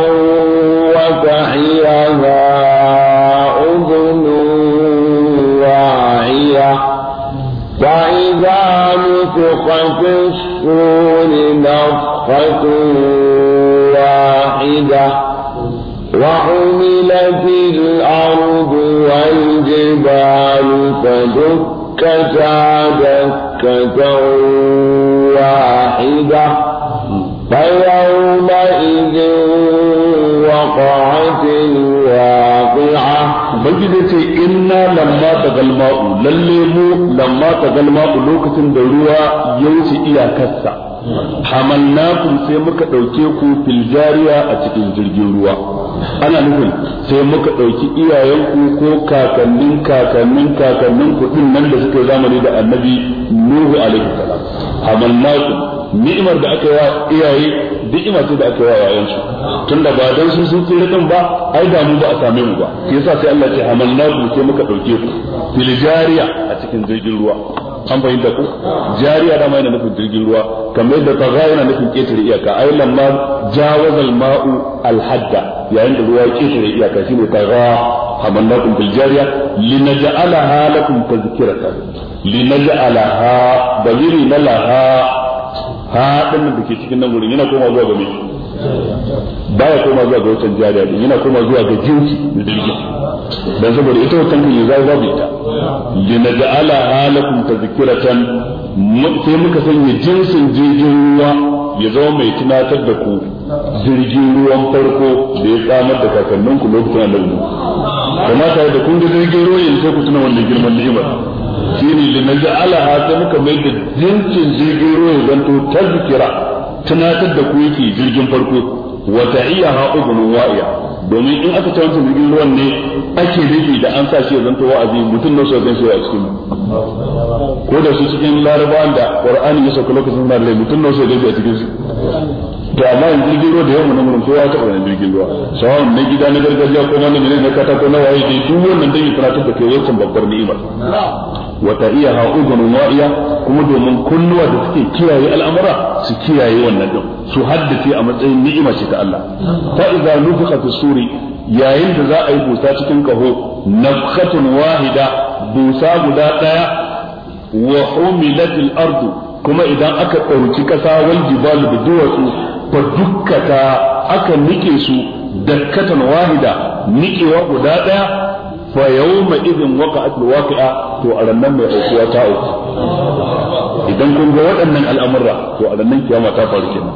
وتحيها أذن واعية نفخ في الصور نفخة واحدة وحملت الأرض والجبال فدكتا دكة واحدة فيومئذ وقعت ce inna lamma tagal ma'u lalle mu lamma tagal ma'u lokacin da ruwa ya wuce iyakarsa hamalnakum sai muka ɗauke ku jariya a cikin jirgin ruwa ana nufin sai muka ɗauki iyayenku ko kakannin kakannin kakannin ku nan da suka zamani da annabi Nuhu alaihi ni'imar da aka yi wa iyaye ni'ima ce da aka yi wa yayansu tun da ba dan su sun tsira din ba ai da mu ba a same mu ba ke sa sai Allah ce hamalna ku sai muka dauke ku fil jariya a cikin jirgin ruwa an fahimta ku jariya da mai na nufin jirgin ruwa kamar da ta yana nufin ketare iyaka ai lamma jawazal ma'u al hadda yayin da ruwa ketare iyaka shine ta na حملناكم في الجارية لنجعلها لكم تذكرة لنجعلها na laha. haɗin nan da ke cikin nan gurin yana koma zuwa ga mai ya koma zuwa ga wutan jariya din yana koma zuwa ga jinsi da jirgin dan saboda ita wutan kan yanzu babu ita linaja'ala halakum zikiratan sai muka sanya jinsin jirgin ruwa ya zama mai tunatar da ku jirgin ruwan farko da ya tsamar da kakanninku lokacin annabi kamata da kun ga jirgin ruwa yanzu sai ku tuna wannan girman ni'imar shine linaj'alaha sai muka mai da jinsin jirgin ruwa ya zanto tazkira tunatar da ku yake jirgin farko iya ta'iyaha ubun wa'iya domin in aka tawanta jirgin ruwan ne ake rufi da an sa shi ya zanto wa'azi mutum na so gan shi a cikin ko da su cikin larabawan da qur'ani ya sauka lokacin da lai mutum na so gan shi a cikin su to amma yanzu jirgin ruwa da yawan nan gurin kowa taɓa wannan jirgin ruwa sawan na gida na gargajiya ko na ne na kata ko na waye dai duk wannan dai tana tabbata ke wancan babbar ni'ima. wata iya ha ugunun wa'iya kuma domin kunnuwa da suke kiyaye al'amura su kiyaye wannan din su haddace a matsayin ni'ima ce ta Allah fa idza nufiqa fi yayin da za a yi busa cikin kaho nafkhatun wahida busa guda daya wa humilatil ardu kuma idan aka ɗauki ƙasa wal jibal da duwatsu fa dukkata aka nike su dakkatan wahida nikewa guda daya fa yawma idin waqa'atul waqi'a to a rannan mai aukuwa ta uku. idan kun ga waɗannan al'amurra to a nan kiyama ta faru kenan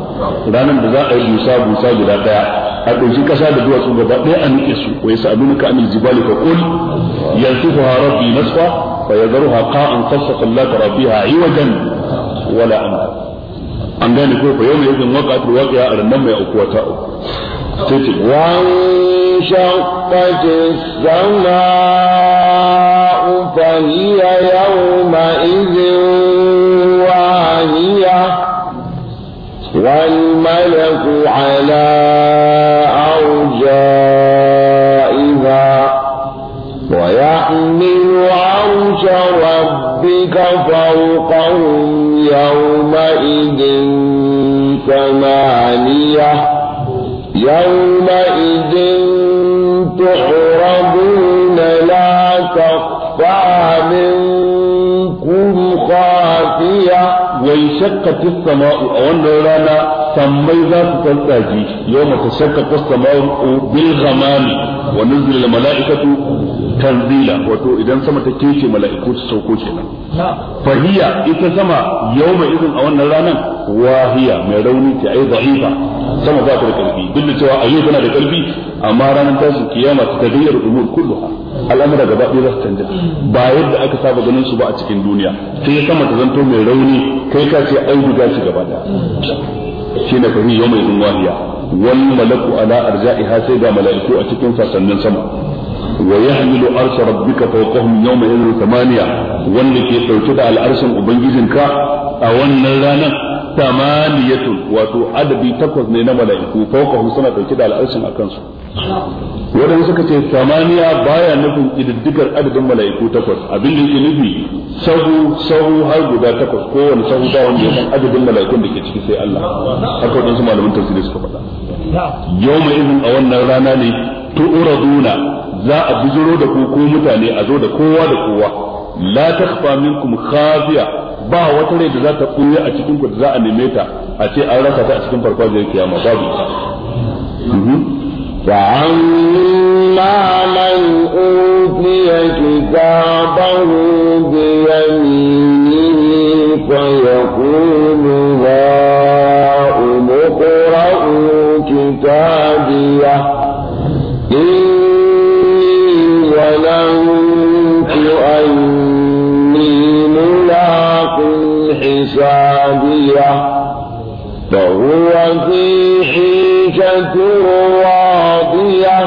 ranar da za a yi musa musa guda ɗaya, a ɗauki ƙasa da duwatsu gaba ɗaya a nuke su wa yas'alunaka anil jibali fa qul yansifuha rabbi nasfa fa kasa kalla ta la ha yi wajen wala amra an gane ko fa yawma yadhun waqa'atul waƙa a ranar mai aukuwa ta uku وانشقت السماء فهي يومئذ فاختلفوا على أرجائها ويحمل عرش ربك فوقهم يومئذ ثمانية يومئذ تعرضون لا تخفى منهم a wannan rana وانشقت السماء أو أن رانا سمي ذات تنتاجي يوم تشقق السماء بالغمام ونزل الملائكة tanzila wato idan sama ta kece mala'iku su sauko kenan fahiya ita sama yawma idin a wannan ranan wahiya mai rauni ce ai da'ifa sama za ta da karfi duk da cewa ayyuka tana da karfi amma ranar ta su kiyama ta taghayyar umur kulluha al'amura gaba ɗaya za su canja mm. ba yadda aka saba ganin su ba a cikin duniya sai sama ta zanto mai rauni ta kai ka ce ai guda shi gaba da shi na fa yau mai wahiya wal malaku ala arja'iha sai ga mala'iku a cikin sasannin sama wa yahmilu arsha rabbika fawqahum yawma idhin thamaniya wanda ke ɗauke da al'arshin ubangijinka a wannan ranar samaniyatun wato adadi takwas ne na mala'iku fawqahu suna dauke da al'arshin akan su wadanda suka ce samaniya baya nufin kididdigar adadin mala'iku takwas abin da yake nufi sahu sahu har guda takwas kowane sahu da wanda ya san adadin mala'ikun da ke ciki sai Allah haka wadansu malaman tafsiri suka faɗa mai izin a wannan rana ne tu'uraduna za a bijiro da ku ko mutane a zo da kowa da kowa la takfa minkum khafiya ba wata rai da za ta kuya a cikin ku da za a neme ta a ce an rasa ta a cikin farfajiyar kiyama babu وأما من أوتي كتابه بيمينه فيقول هاؤم اقرءوا كتابيه شادية فهو في حيشة راضية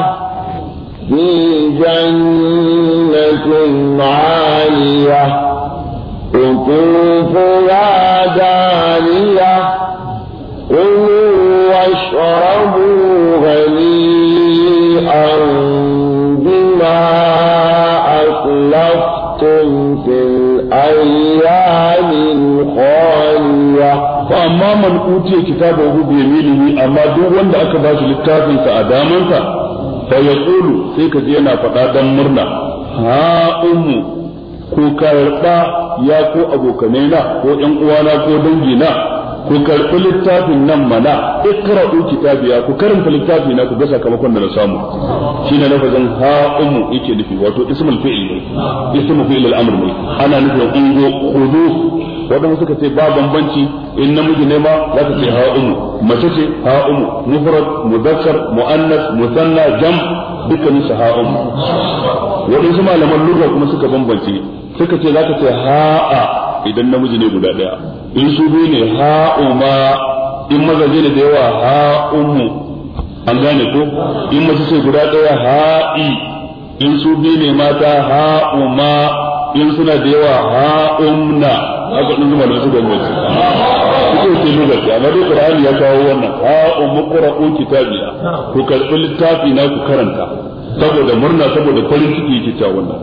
في جنة عالية قطوفها دانية كلوا واشربوا هنيئا بما أخلفتم في ayyamin khaliya fa amma man utiya kitaba hu bi yaminihi amma duk wanda aka ba littafinsa a damansa fa yaqulu sai ka je yana faɗa dan murna ha ummu ko karba ya ko abokanaina ko ɗan uwana ko dangi na. ku karɓi littafin nan mana iqra'u kitabiya ku karanta littafi na ku ga sakamakon da na samu shine lafazin ha ummu yake nufi wato ismul fi'il ne ismul fi'il al-amr ne ana nufin in go khudu wadanda suka ce ba bambanci in namiji ne ma za ka ce ha mace ce ha ummu mufrad muannas musanna jam dukkanin su ha malaman lugha kuma suka bambance suka ce za ka ce ha'a idan namiji ne guda daya in su biyu ne ha'uma in mazaje ne da yawa ha'umu an gane ko in mace ce guda ɗaya ha'i in su biyu ne mata ha'uma in suna da yawa ha'umna haka ɗin zuma da su gwamnati ɗauke lugar ki amma duk Qur'ani ya kawo wannan ha ummu qra'u kitabiya ku karɓi littafi na ku karanta saboda murna saboda farin ciki yake cewa wannan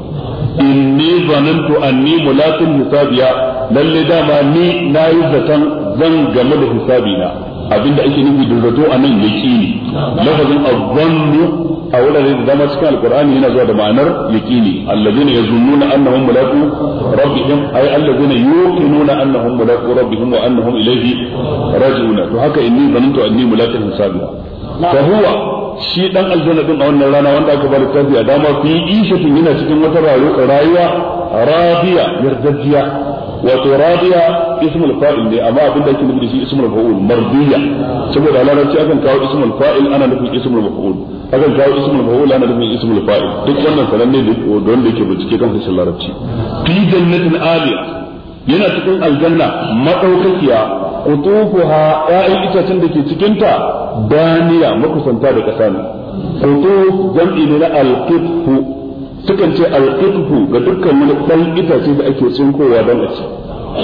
inni zanantu anni mulaqin hisabiya lalle dama ni nayi zaton zan game da na. abinda ake nufi da zato a nan yaqini lafazin azzannu a wurare da dama cikin alqur'ani yana zuwa da ma'anar yaqini allazina yazunnuna annahum mulaqu rabbihim ay allazina yuqinuna annahum mulaqu rabbihim wa annahum ilayhi raji'un to haka inni zanantu anni mulaqin hisabi fa huwa shi dan aljanna din a wannan rana wanda aka bada tafi a dama fi ishatin yana cikin wata rayuwa radiya yardajiya wato radiya ismul fa'il ne amma abin da ake nufi da shi ismul fa'ul mardiya saboda larabci akan kawo ismul fa'il ana nufin ismul maf'ul akan kawo ismul maf'ul ana nufin ismul fa'il duk wannan sananne ne da wanda yake bincike kan harshen larabci fi jannatin aliya yana cikin aljanna madaukakiya qutufuha ya'in itacen da ke cikin ta daniya makusanta da kasa ne qutuf jam'i ne na al sukan ce alqidhu ga dukkan wani dan itace da ake tsinkowa dan a ci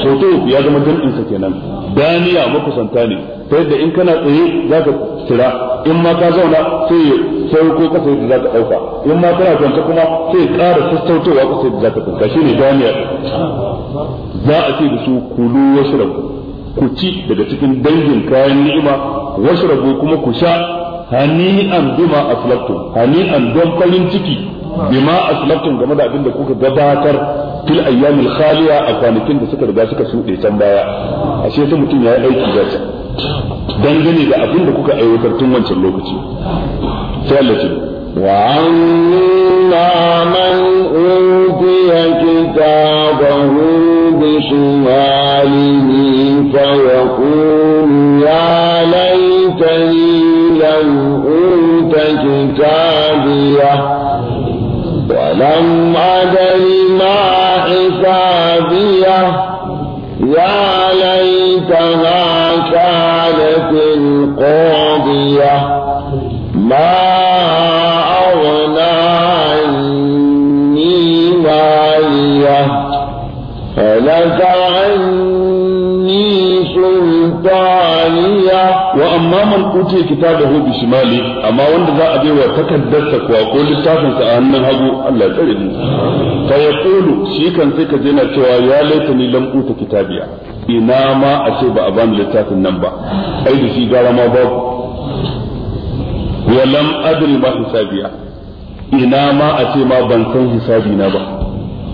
soto ya zama jam'in sa kenan daniya makusanta ne ta yadda in kana tsaye za ka kira in ma ka zauna sai ya sauko kasa yadda za ka ɗauka in ma kana kwanta kuma sai ya ƙara sassautowa kasa yadda za ka ɗauka shi ne daniya za a ce da su kulu wasu rabu ku ci daga cikin dangin kayan ni'ima wasu rabu kuma ku sha hani'an bima hani hani'an don farin ciki bima aslaftum game da abin da kuka gabatar fil ayyamil khaliya a kwanakin da suka riga suka shuɗe can baya ashe sai mutum ya yi aiki da ta dangane da abin da kuka aiwatar tun wancan lokaci sai Allah ce وأما من أوتي كتابه بشماله فيقول يا ليتني لم أوت كتابيه ولم أدر ما حسابيه يا ليتها كانت القاضية ما Kuwa amma man utiya kitabahu bi shimali amma wanda za a baiwa takaddarsa kuwa ko littafin a hannun hagu Allah tsare mu fa yaqulu shi kan je na cewa ya laitani lam uta kitabiya ina ma ba a bani littafin nan ba ai da shi gara ma babu wa ma ina ma ban san hisabi na ba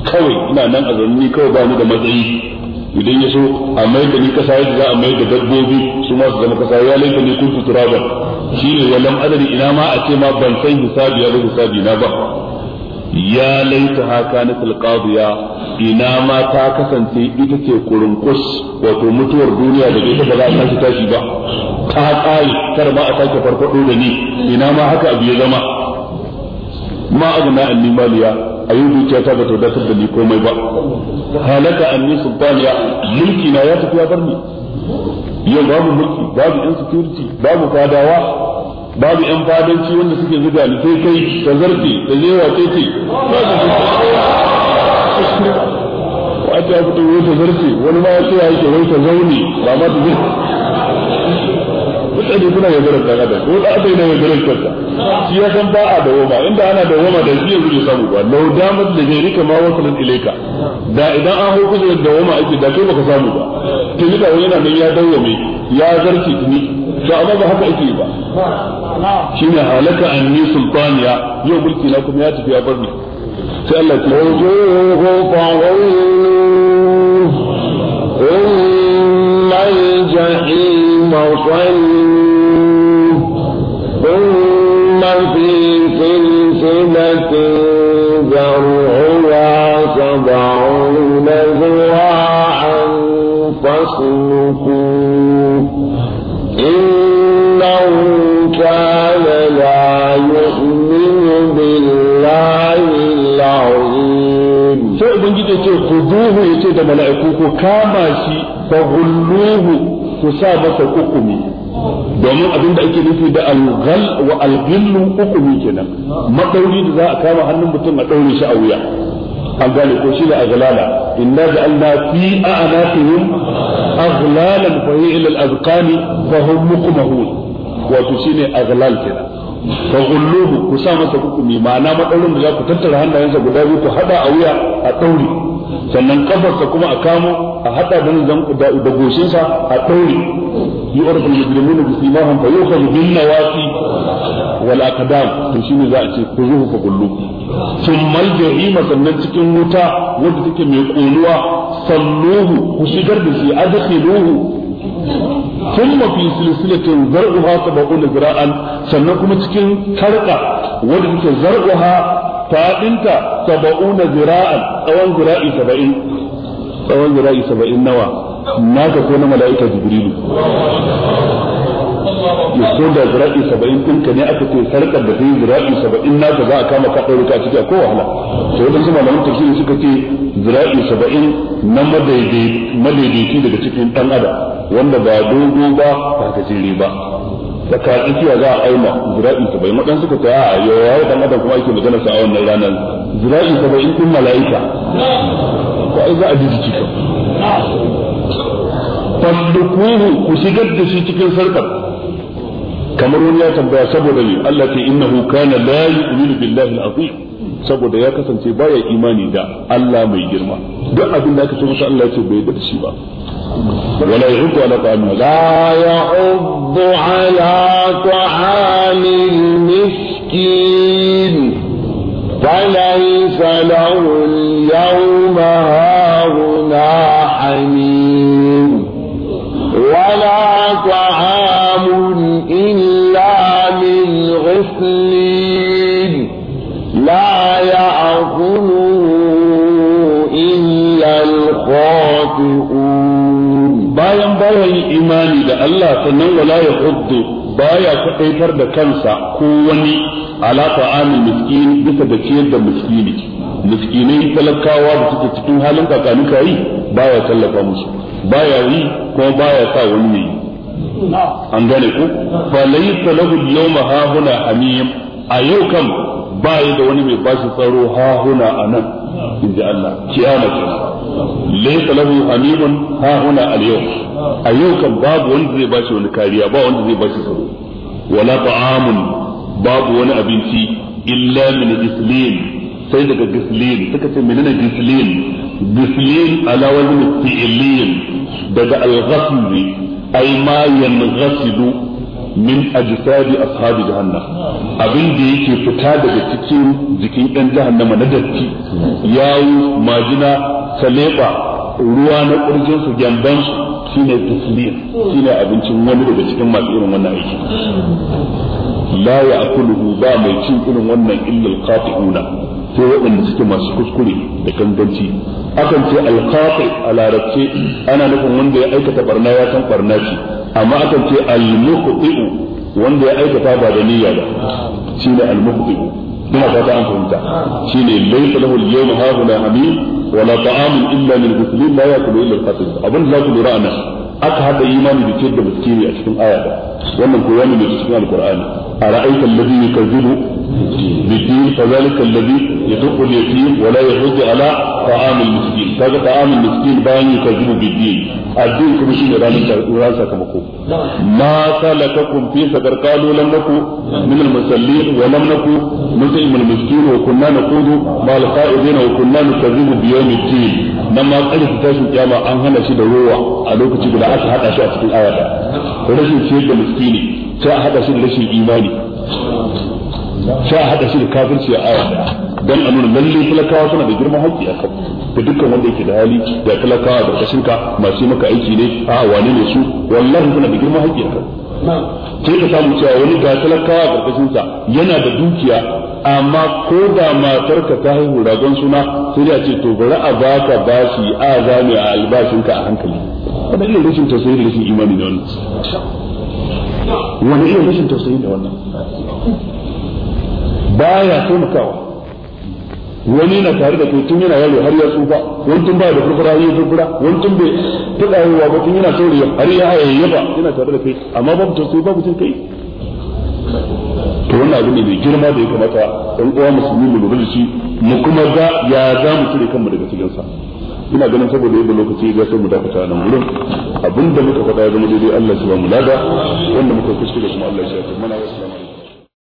kawai ina nan a kawai bani da matsayi idan ya so a mai da ni kasa yadda za a mai da dabbobi su ma su zama kasa ya laifa ni kuntu turaba ne wallan adadi ina ma a ce ma ban san hisabi ya hisabi na ba ya laita haka na tilqadiya ina ma ta kasance ita ce kurunkus wato mutuwar duniya da ita ba za a sake tashi ba ta kai kar ma a sake farfado da ni ina ma haka abu ya zama ma agna anni maliya a yin dukiya ta ba ta wadatar da ni komai ba halaka anni sultaniya mulki na ya tafi ya bar ni yau babu mulki babu yan security babu fadawa babu yan fadanci wanda suke zuga ni sai kai ta zarfe ta zewa ce ce wata ya fito wai ta zarfe wani ma ya ce ya yake wai ta zaune ba ma ta zarfe mutane suna yaudarar ɗan adam ko da aka yi na yaudarar kansa shi ya san ba a dawoma inda ana dawoma da shi yanzu bai samu ba lau damar da zai rika ma wasu ileka da idan an hau kusa da dawoma ake da kai baka samu ba ta yi kawai yana nan ya mai ya zarce tuni to amma ba haka ake ba shine halaka yi sultaniya yau mulki na kuma ya tafi ya bar ni sai Allah ya ce الجحيم صلوا سلسلة زرعها سبعون ذراعا فاسلكوه إنه كان لا يؤمن بالله العظيم sai ubangiji ce ku duhu yace da mala'iku ku kama shi fa ku sa masa kukumi domin abin da ake nufi da alghal wa alghillu hukumi kenan madauri da za a kama hannun mutum a daure shi a wuya an gane ko shi da aghlala inna ja'alna fi a'naqihim aghlalan fa hiya ila al-azqani fa hum muqmahun wato shine aghlal kenan fa qulluhu ku sa masa hukumi ma'ana madaurin da za ku tattara hannayensa guda biyu ku hada a wuya a daure sannan kafarsa kuma a kamo a hada da goshinsa a daure يعرف المجرمون بسيماهم فيؤخذ بالنواصي والأقدام تشين ذا أشي خذوه فقلوه ثم الجحيم سنن cikin wuta wanda take mai ƙonuwa salluhu ku shigar da shi adkhiluhu thumma fi silsilatin zar'uha sab'una zira'an sannan kuma cikin karka wanda take zar'uha fadinta sab'una zira'an tsawon nawa naka ko na mala'ika jibrilu ya so da zira'i saba'in ɗinka ne aka ce sarkar da zai yi zira'i saba'in naka za a kama ka ɗauruka ciki a ko wahala sai wadansu malaman tafsiri suka ce zira'i saba'in na madaidaiti daga cikin ɗan adam wanda ba dogo ba ba gajere ba tsaka tsakiya za a aina zira'i saba'in waɗansu suka ta a yawa ɗan adam kuma ake magana sa a wannan ranar zira'i saba'in kun mala'ika ko ai za a ji jiki kan falluquhu ku shigar da shi cikin sarkar kamar wani ya tambaya saboda ne Allah ta innahu kana la yu'minu billahi al-azim saboda ya kasance baya imani da Allah mai girma duk abin da aka so masa Allah ya ce bai yarda da shi ba ولا يحض على طعام لا يحض على طعام المسكين فليس له اليوم هاهنا حميم ولا طعام إلا من غسلين لا يأكله إلا الخاطئون bayan bayan imani da Allah sannan wala ya huddu baya kwadaitar da kansa ko wani alaƙa amin miskin bisa da ciyar da miskini miskinai talakawa da suke cikin halin kakani kai baya tallafa musu baya yi ko baya sa wani yi an gane ku fa laysa lahu al-yawma ha huna hamim a yau kam baya da wani mai bashi tsaro ha huna anan in ji Allah kiyama kenan laysa lahu hamimun ha huna al yawm a yau kan babu wanda zai bashi wani kariya ba wanda zai bashi tsaro wala ta'amun babu wani abinci illa min islin sai daga gislin suka ce menene gislin gislin ala wajhi fi'lin daga al-ghasl ay ma yanghasidu min ajsadi ashabi jahannam abin da yake fita daga cikin jikin ɗan jahannama na datti yayi majina saleba ruwa na kurjin su gyamban su shine tasbih shine abincin wani daga cikin masu irin wannan aiki la ya'kuluhu ba mai cin irin wannan illa alqati'una sai waɗanda suke masu kuskure da ganganci akan ce alqati a larabce ana nufin wanda ya aikata barna ya san barna ce amma aka ce al-mukhti'u wanda ya aikata ba da niyya ba shine al-mukhti'u ina fata an fahimta shine laysa lahu al-yawma hahuna amin wala ta'amun illa min ghuslin la yakulu illa al-qatil abin da ku lura anan aka hada imani da ciyar da miskini a cikin aya ba wannan koyani ne cikin alqur'ani ara'aita alladhi yukazzibu بالدين فذلك الذي يدق اليتيم ولا يحج على طعام المسكين كذا طعام المسكين بان يكذب بالدين الدين كما شيء ران ساكمكو ما سلككم في سقر قالوا لم نكن من المصلين ولم نكن نطعم المسكين وكنا نقود مع القائدين وكنا نكذب بيوم الدين لما قلت تاشن قيامة أن هنا شيء روعة ألوك تقول أشهد أشهد أشهد أشهد أشهد أشهد أشهد أشهد أشهد أشهد أشهد أشهد أشهد أشهد أشهد أشهد sai a hada shi da kafirci a aya daya dan a nuna lalle talakawa suna da girman haƙƙi a kan da dukkan wanda yake da hali da talakawa da ƙarƙashin ka masu maka aiki ne a wane ne su wallahi suna da girman haƙƙi a kan sai ka samu cewa wani ga talakawa a ƙarƙashin yana da dukiya amma ko da matarka ta haihu ragon suna sai ya ce to bari a baka bashi a zame a albashinka a hankali wannan irin rashin tausayi da rashin imani ne wannan wani irin rashin tausayi da wannan baya taimakawa wani na tare da kai tun yana yaro har ya tsufa wani tun baya da furfura ya furfura wani tun bai tuka yawa ba tun yana saurayi har ya ya yaba yana tare da kai amma babu tausayi babu jin kai to wannan abu ne mai girma da ya kamata ɗan uwa musulmi mu lura da shi mu kuma ga ya za mu cire kanmu daga cikin sa ina ganin saboda yadda lokaci ya sai mu dakata nan wurin abinda muka faɗa ya zama daidai Allah ya ba mu lada wanda muka kuskure kuma Allah ya shafe mana wassalamu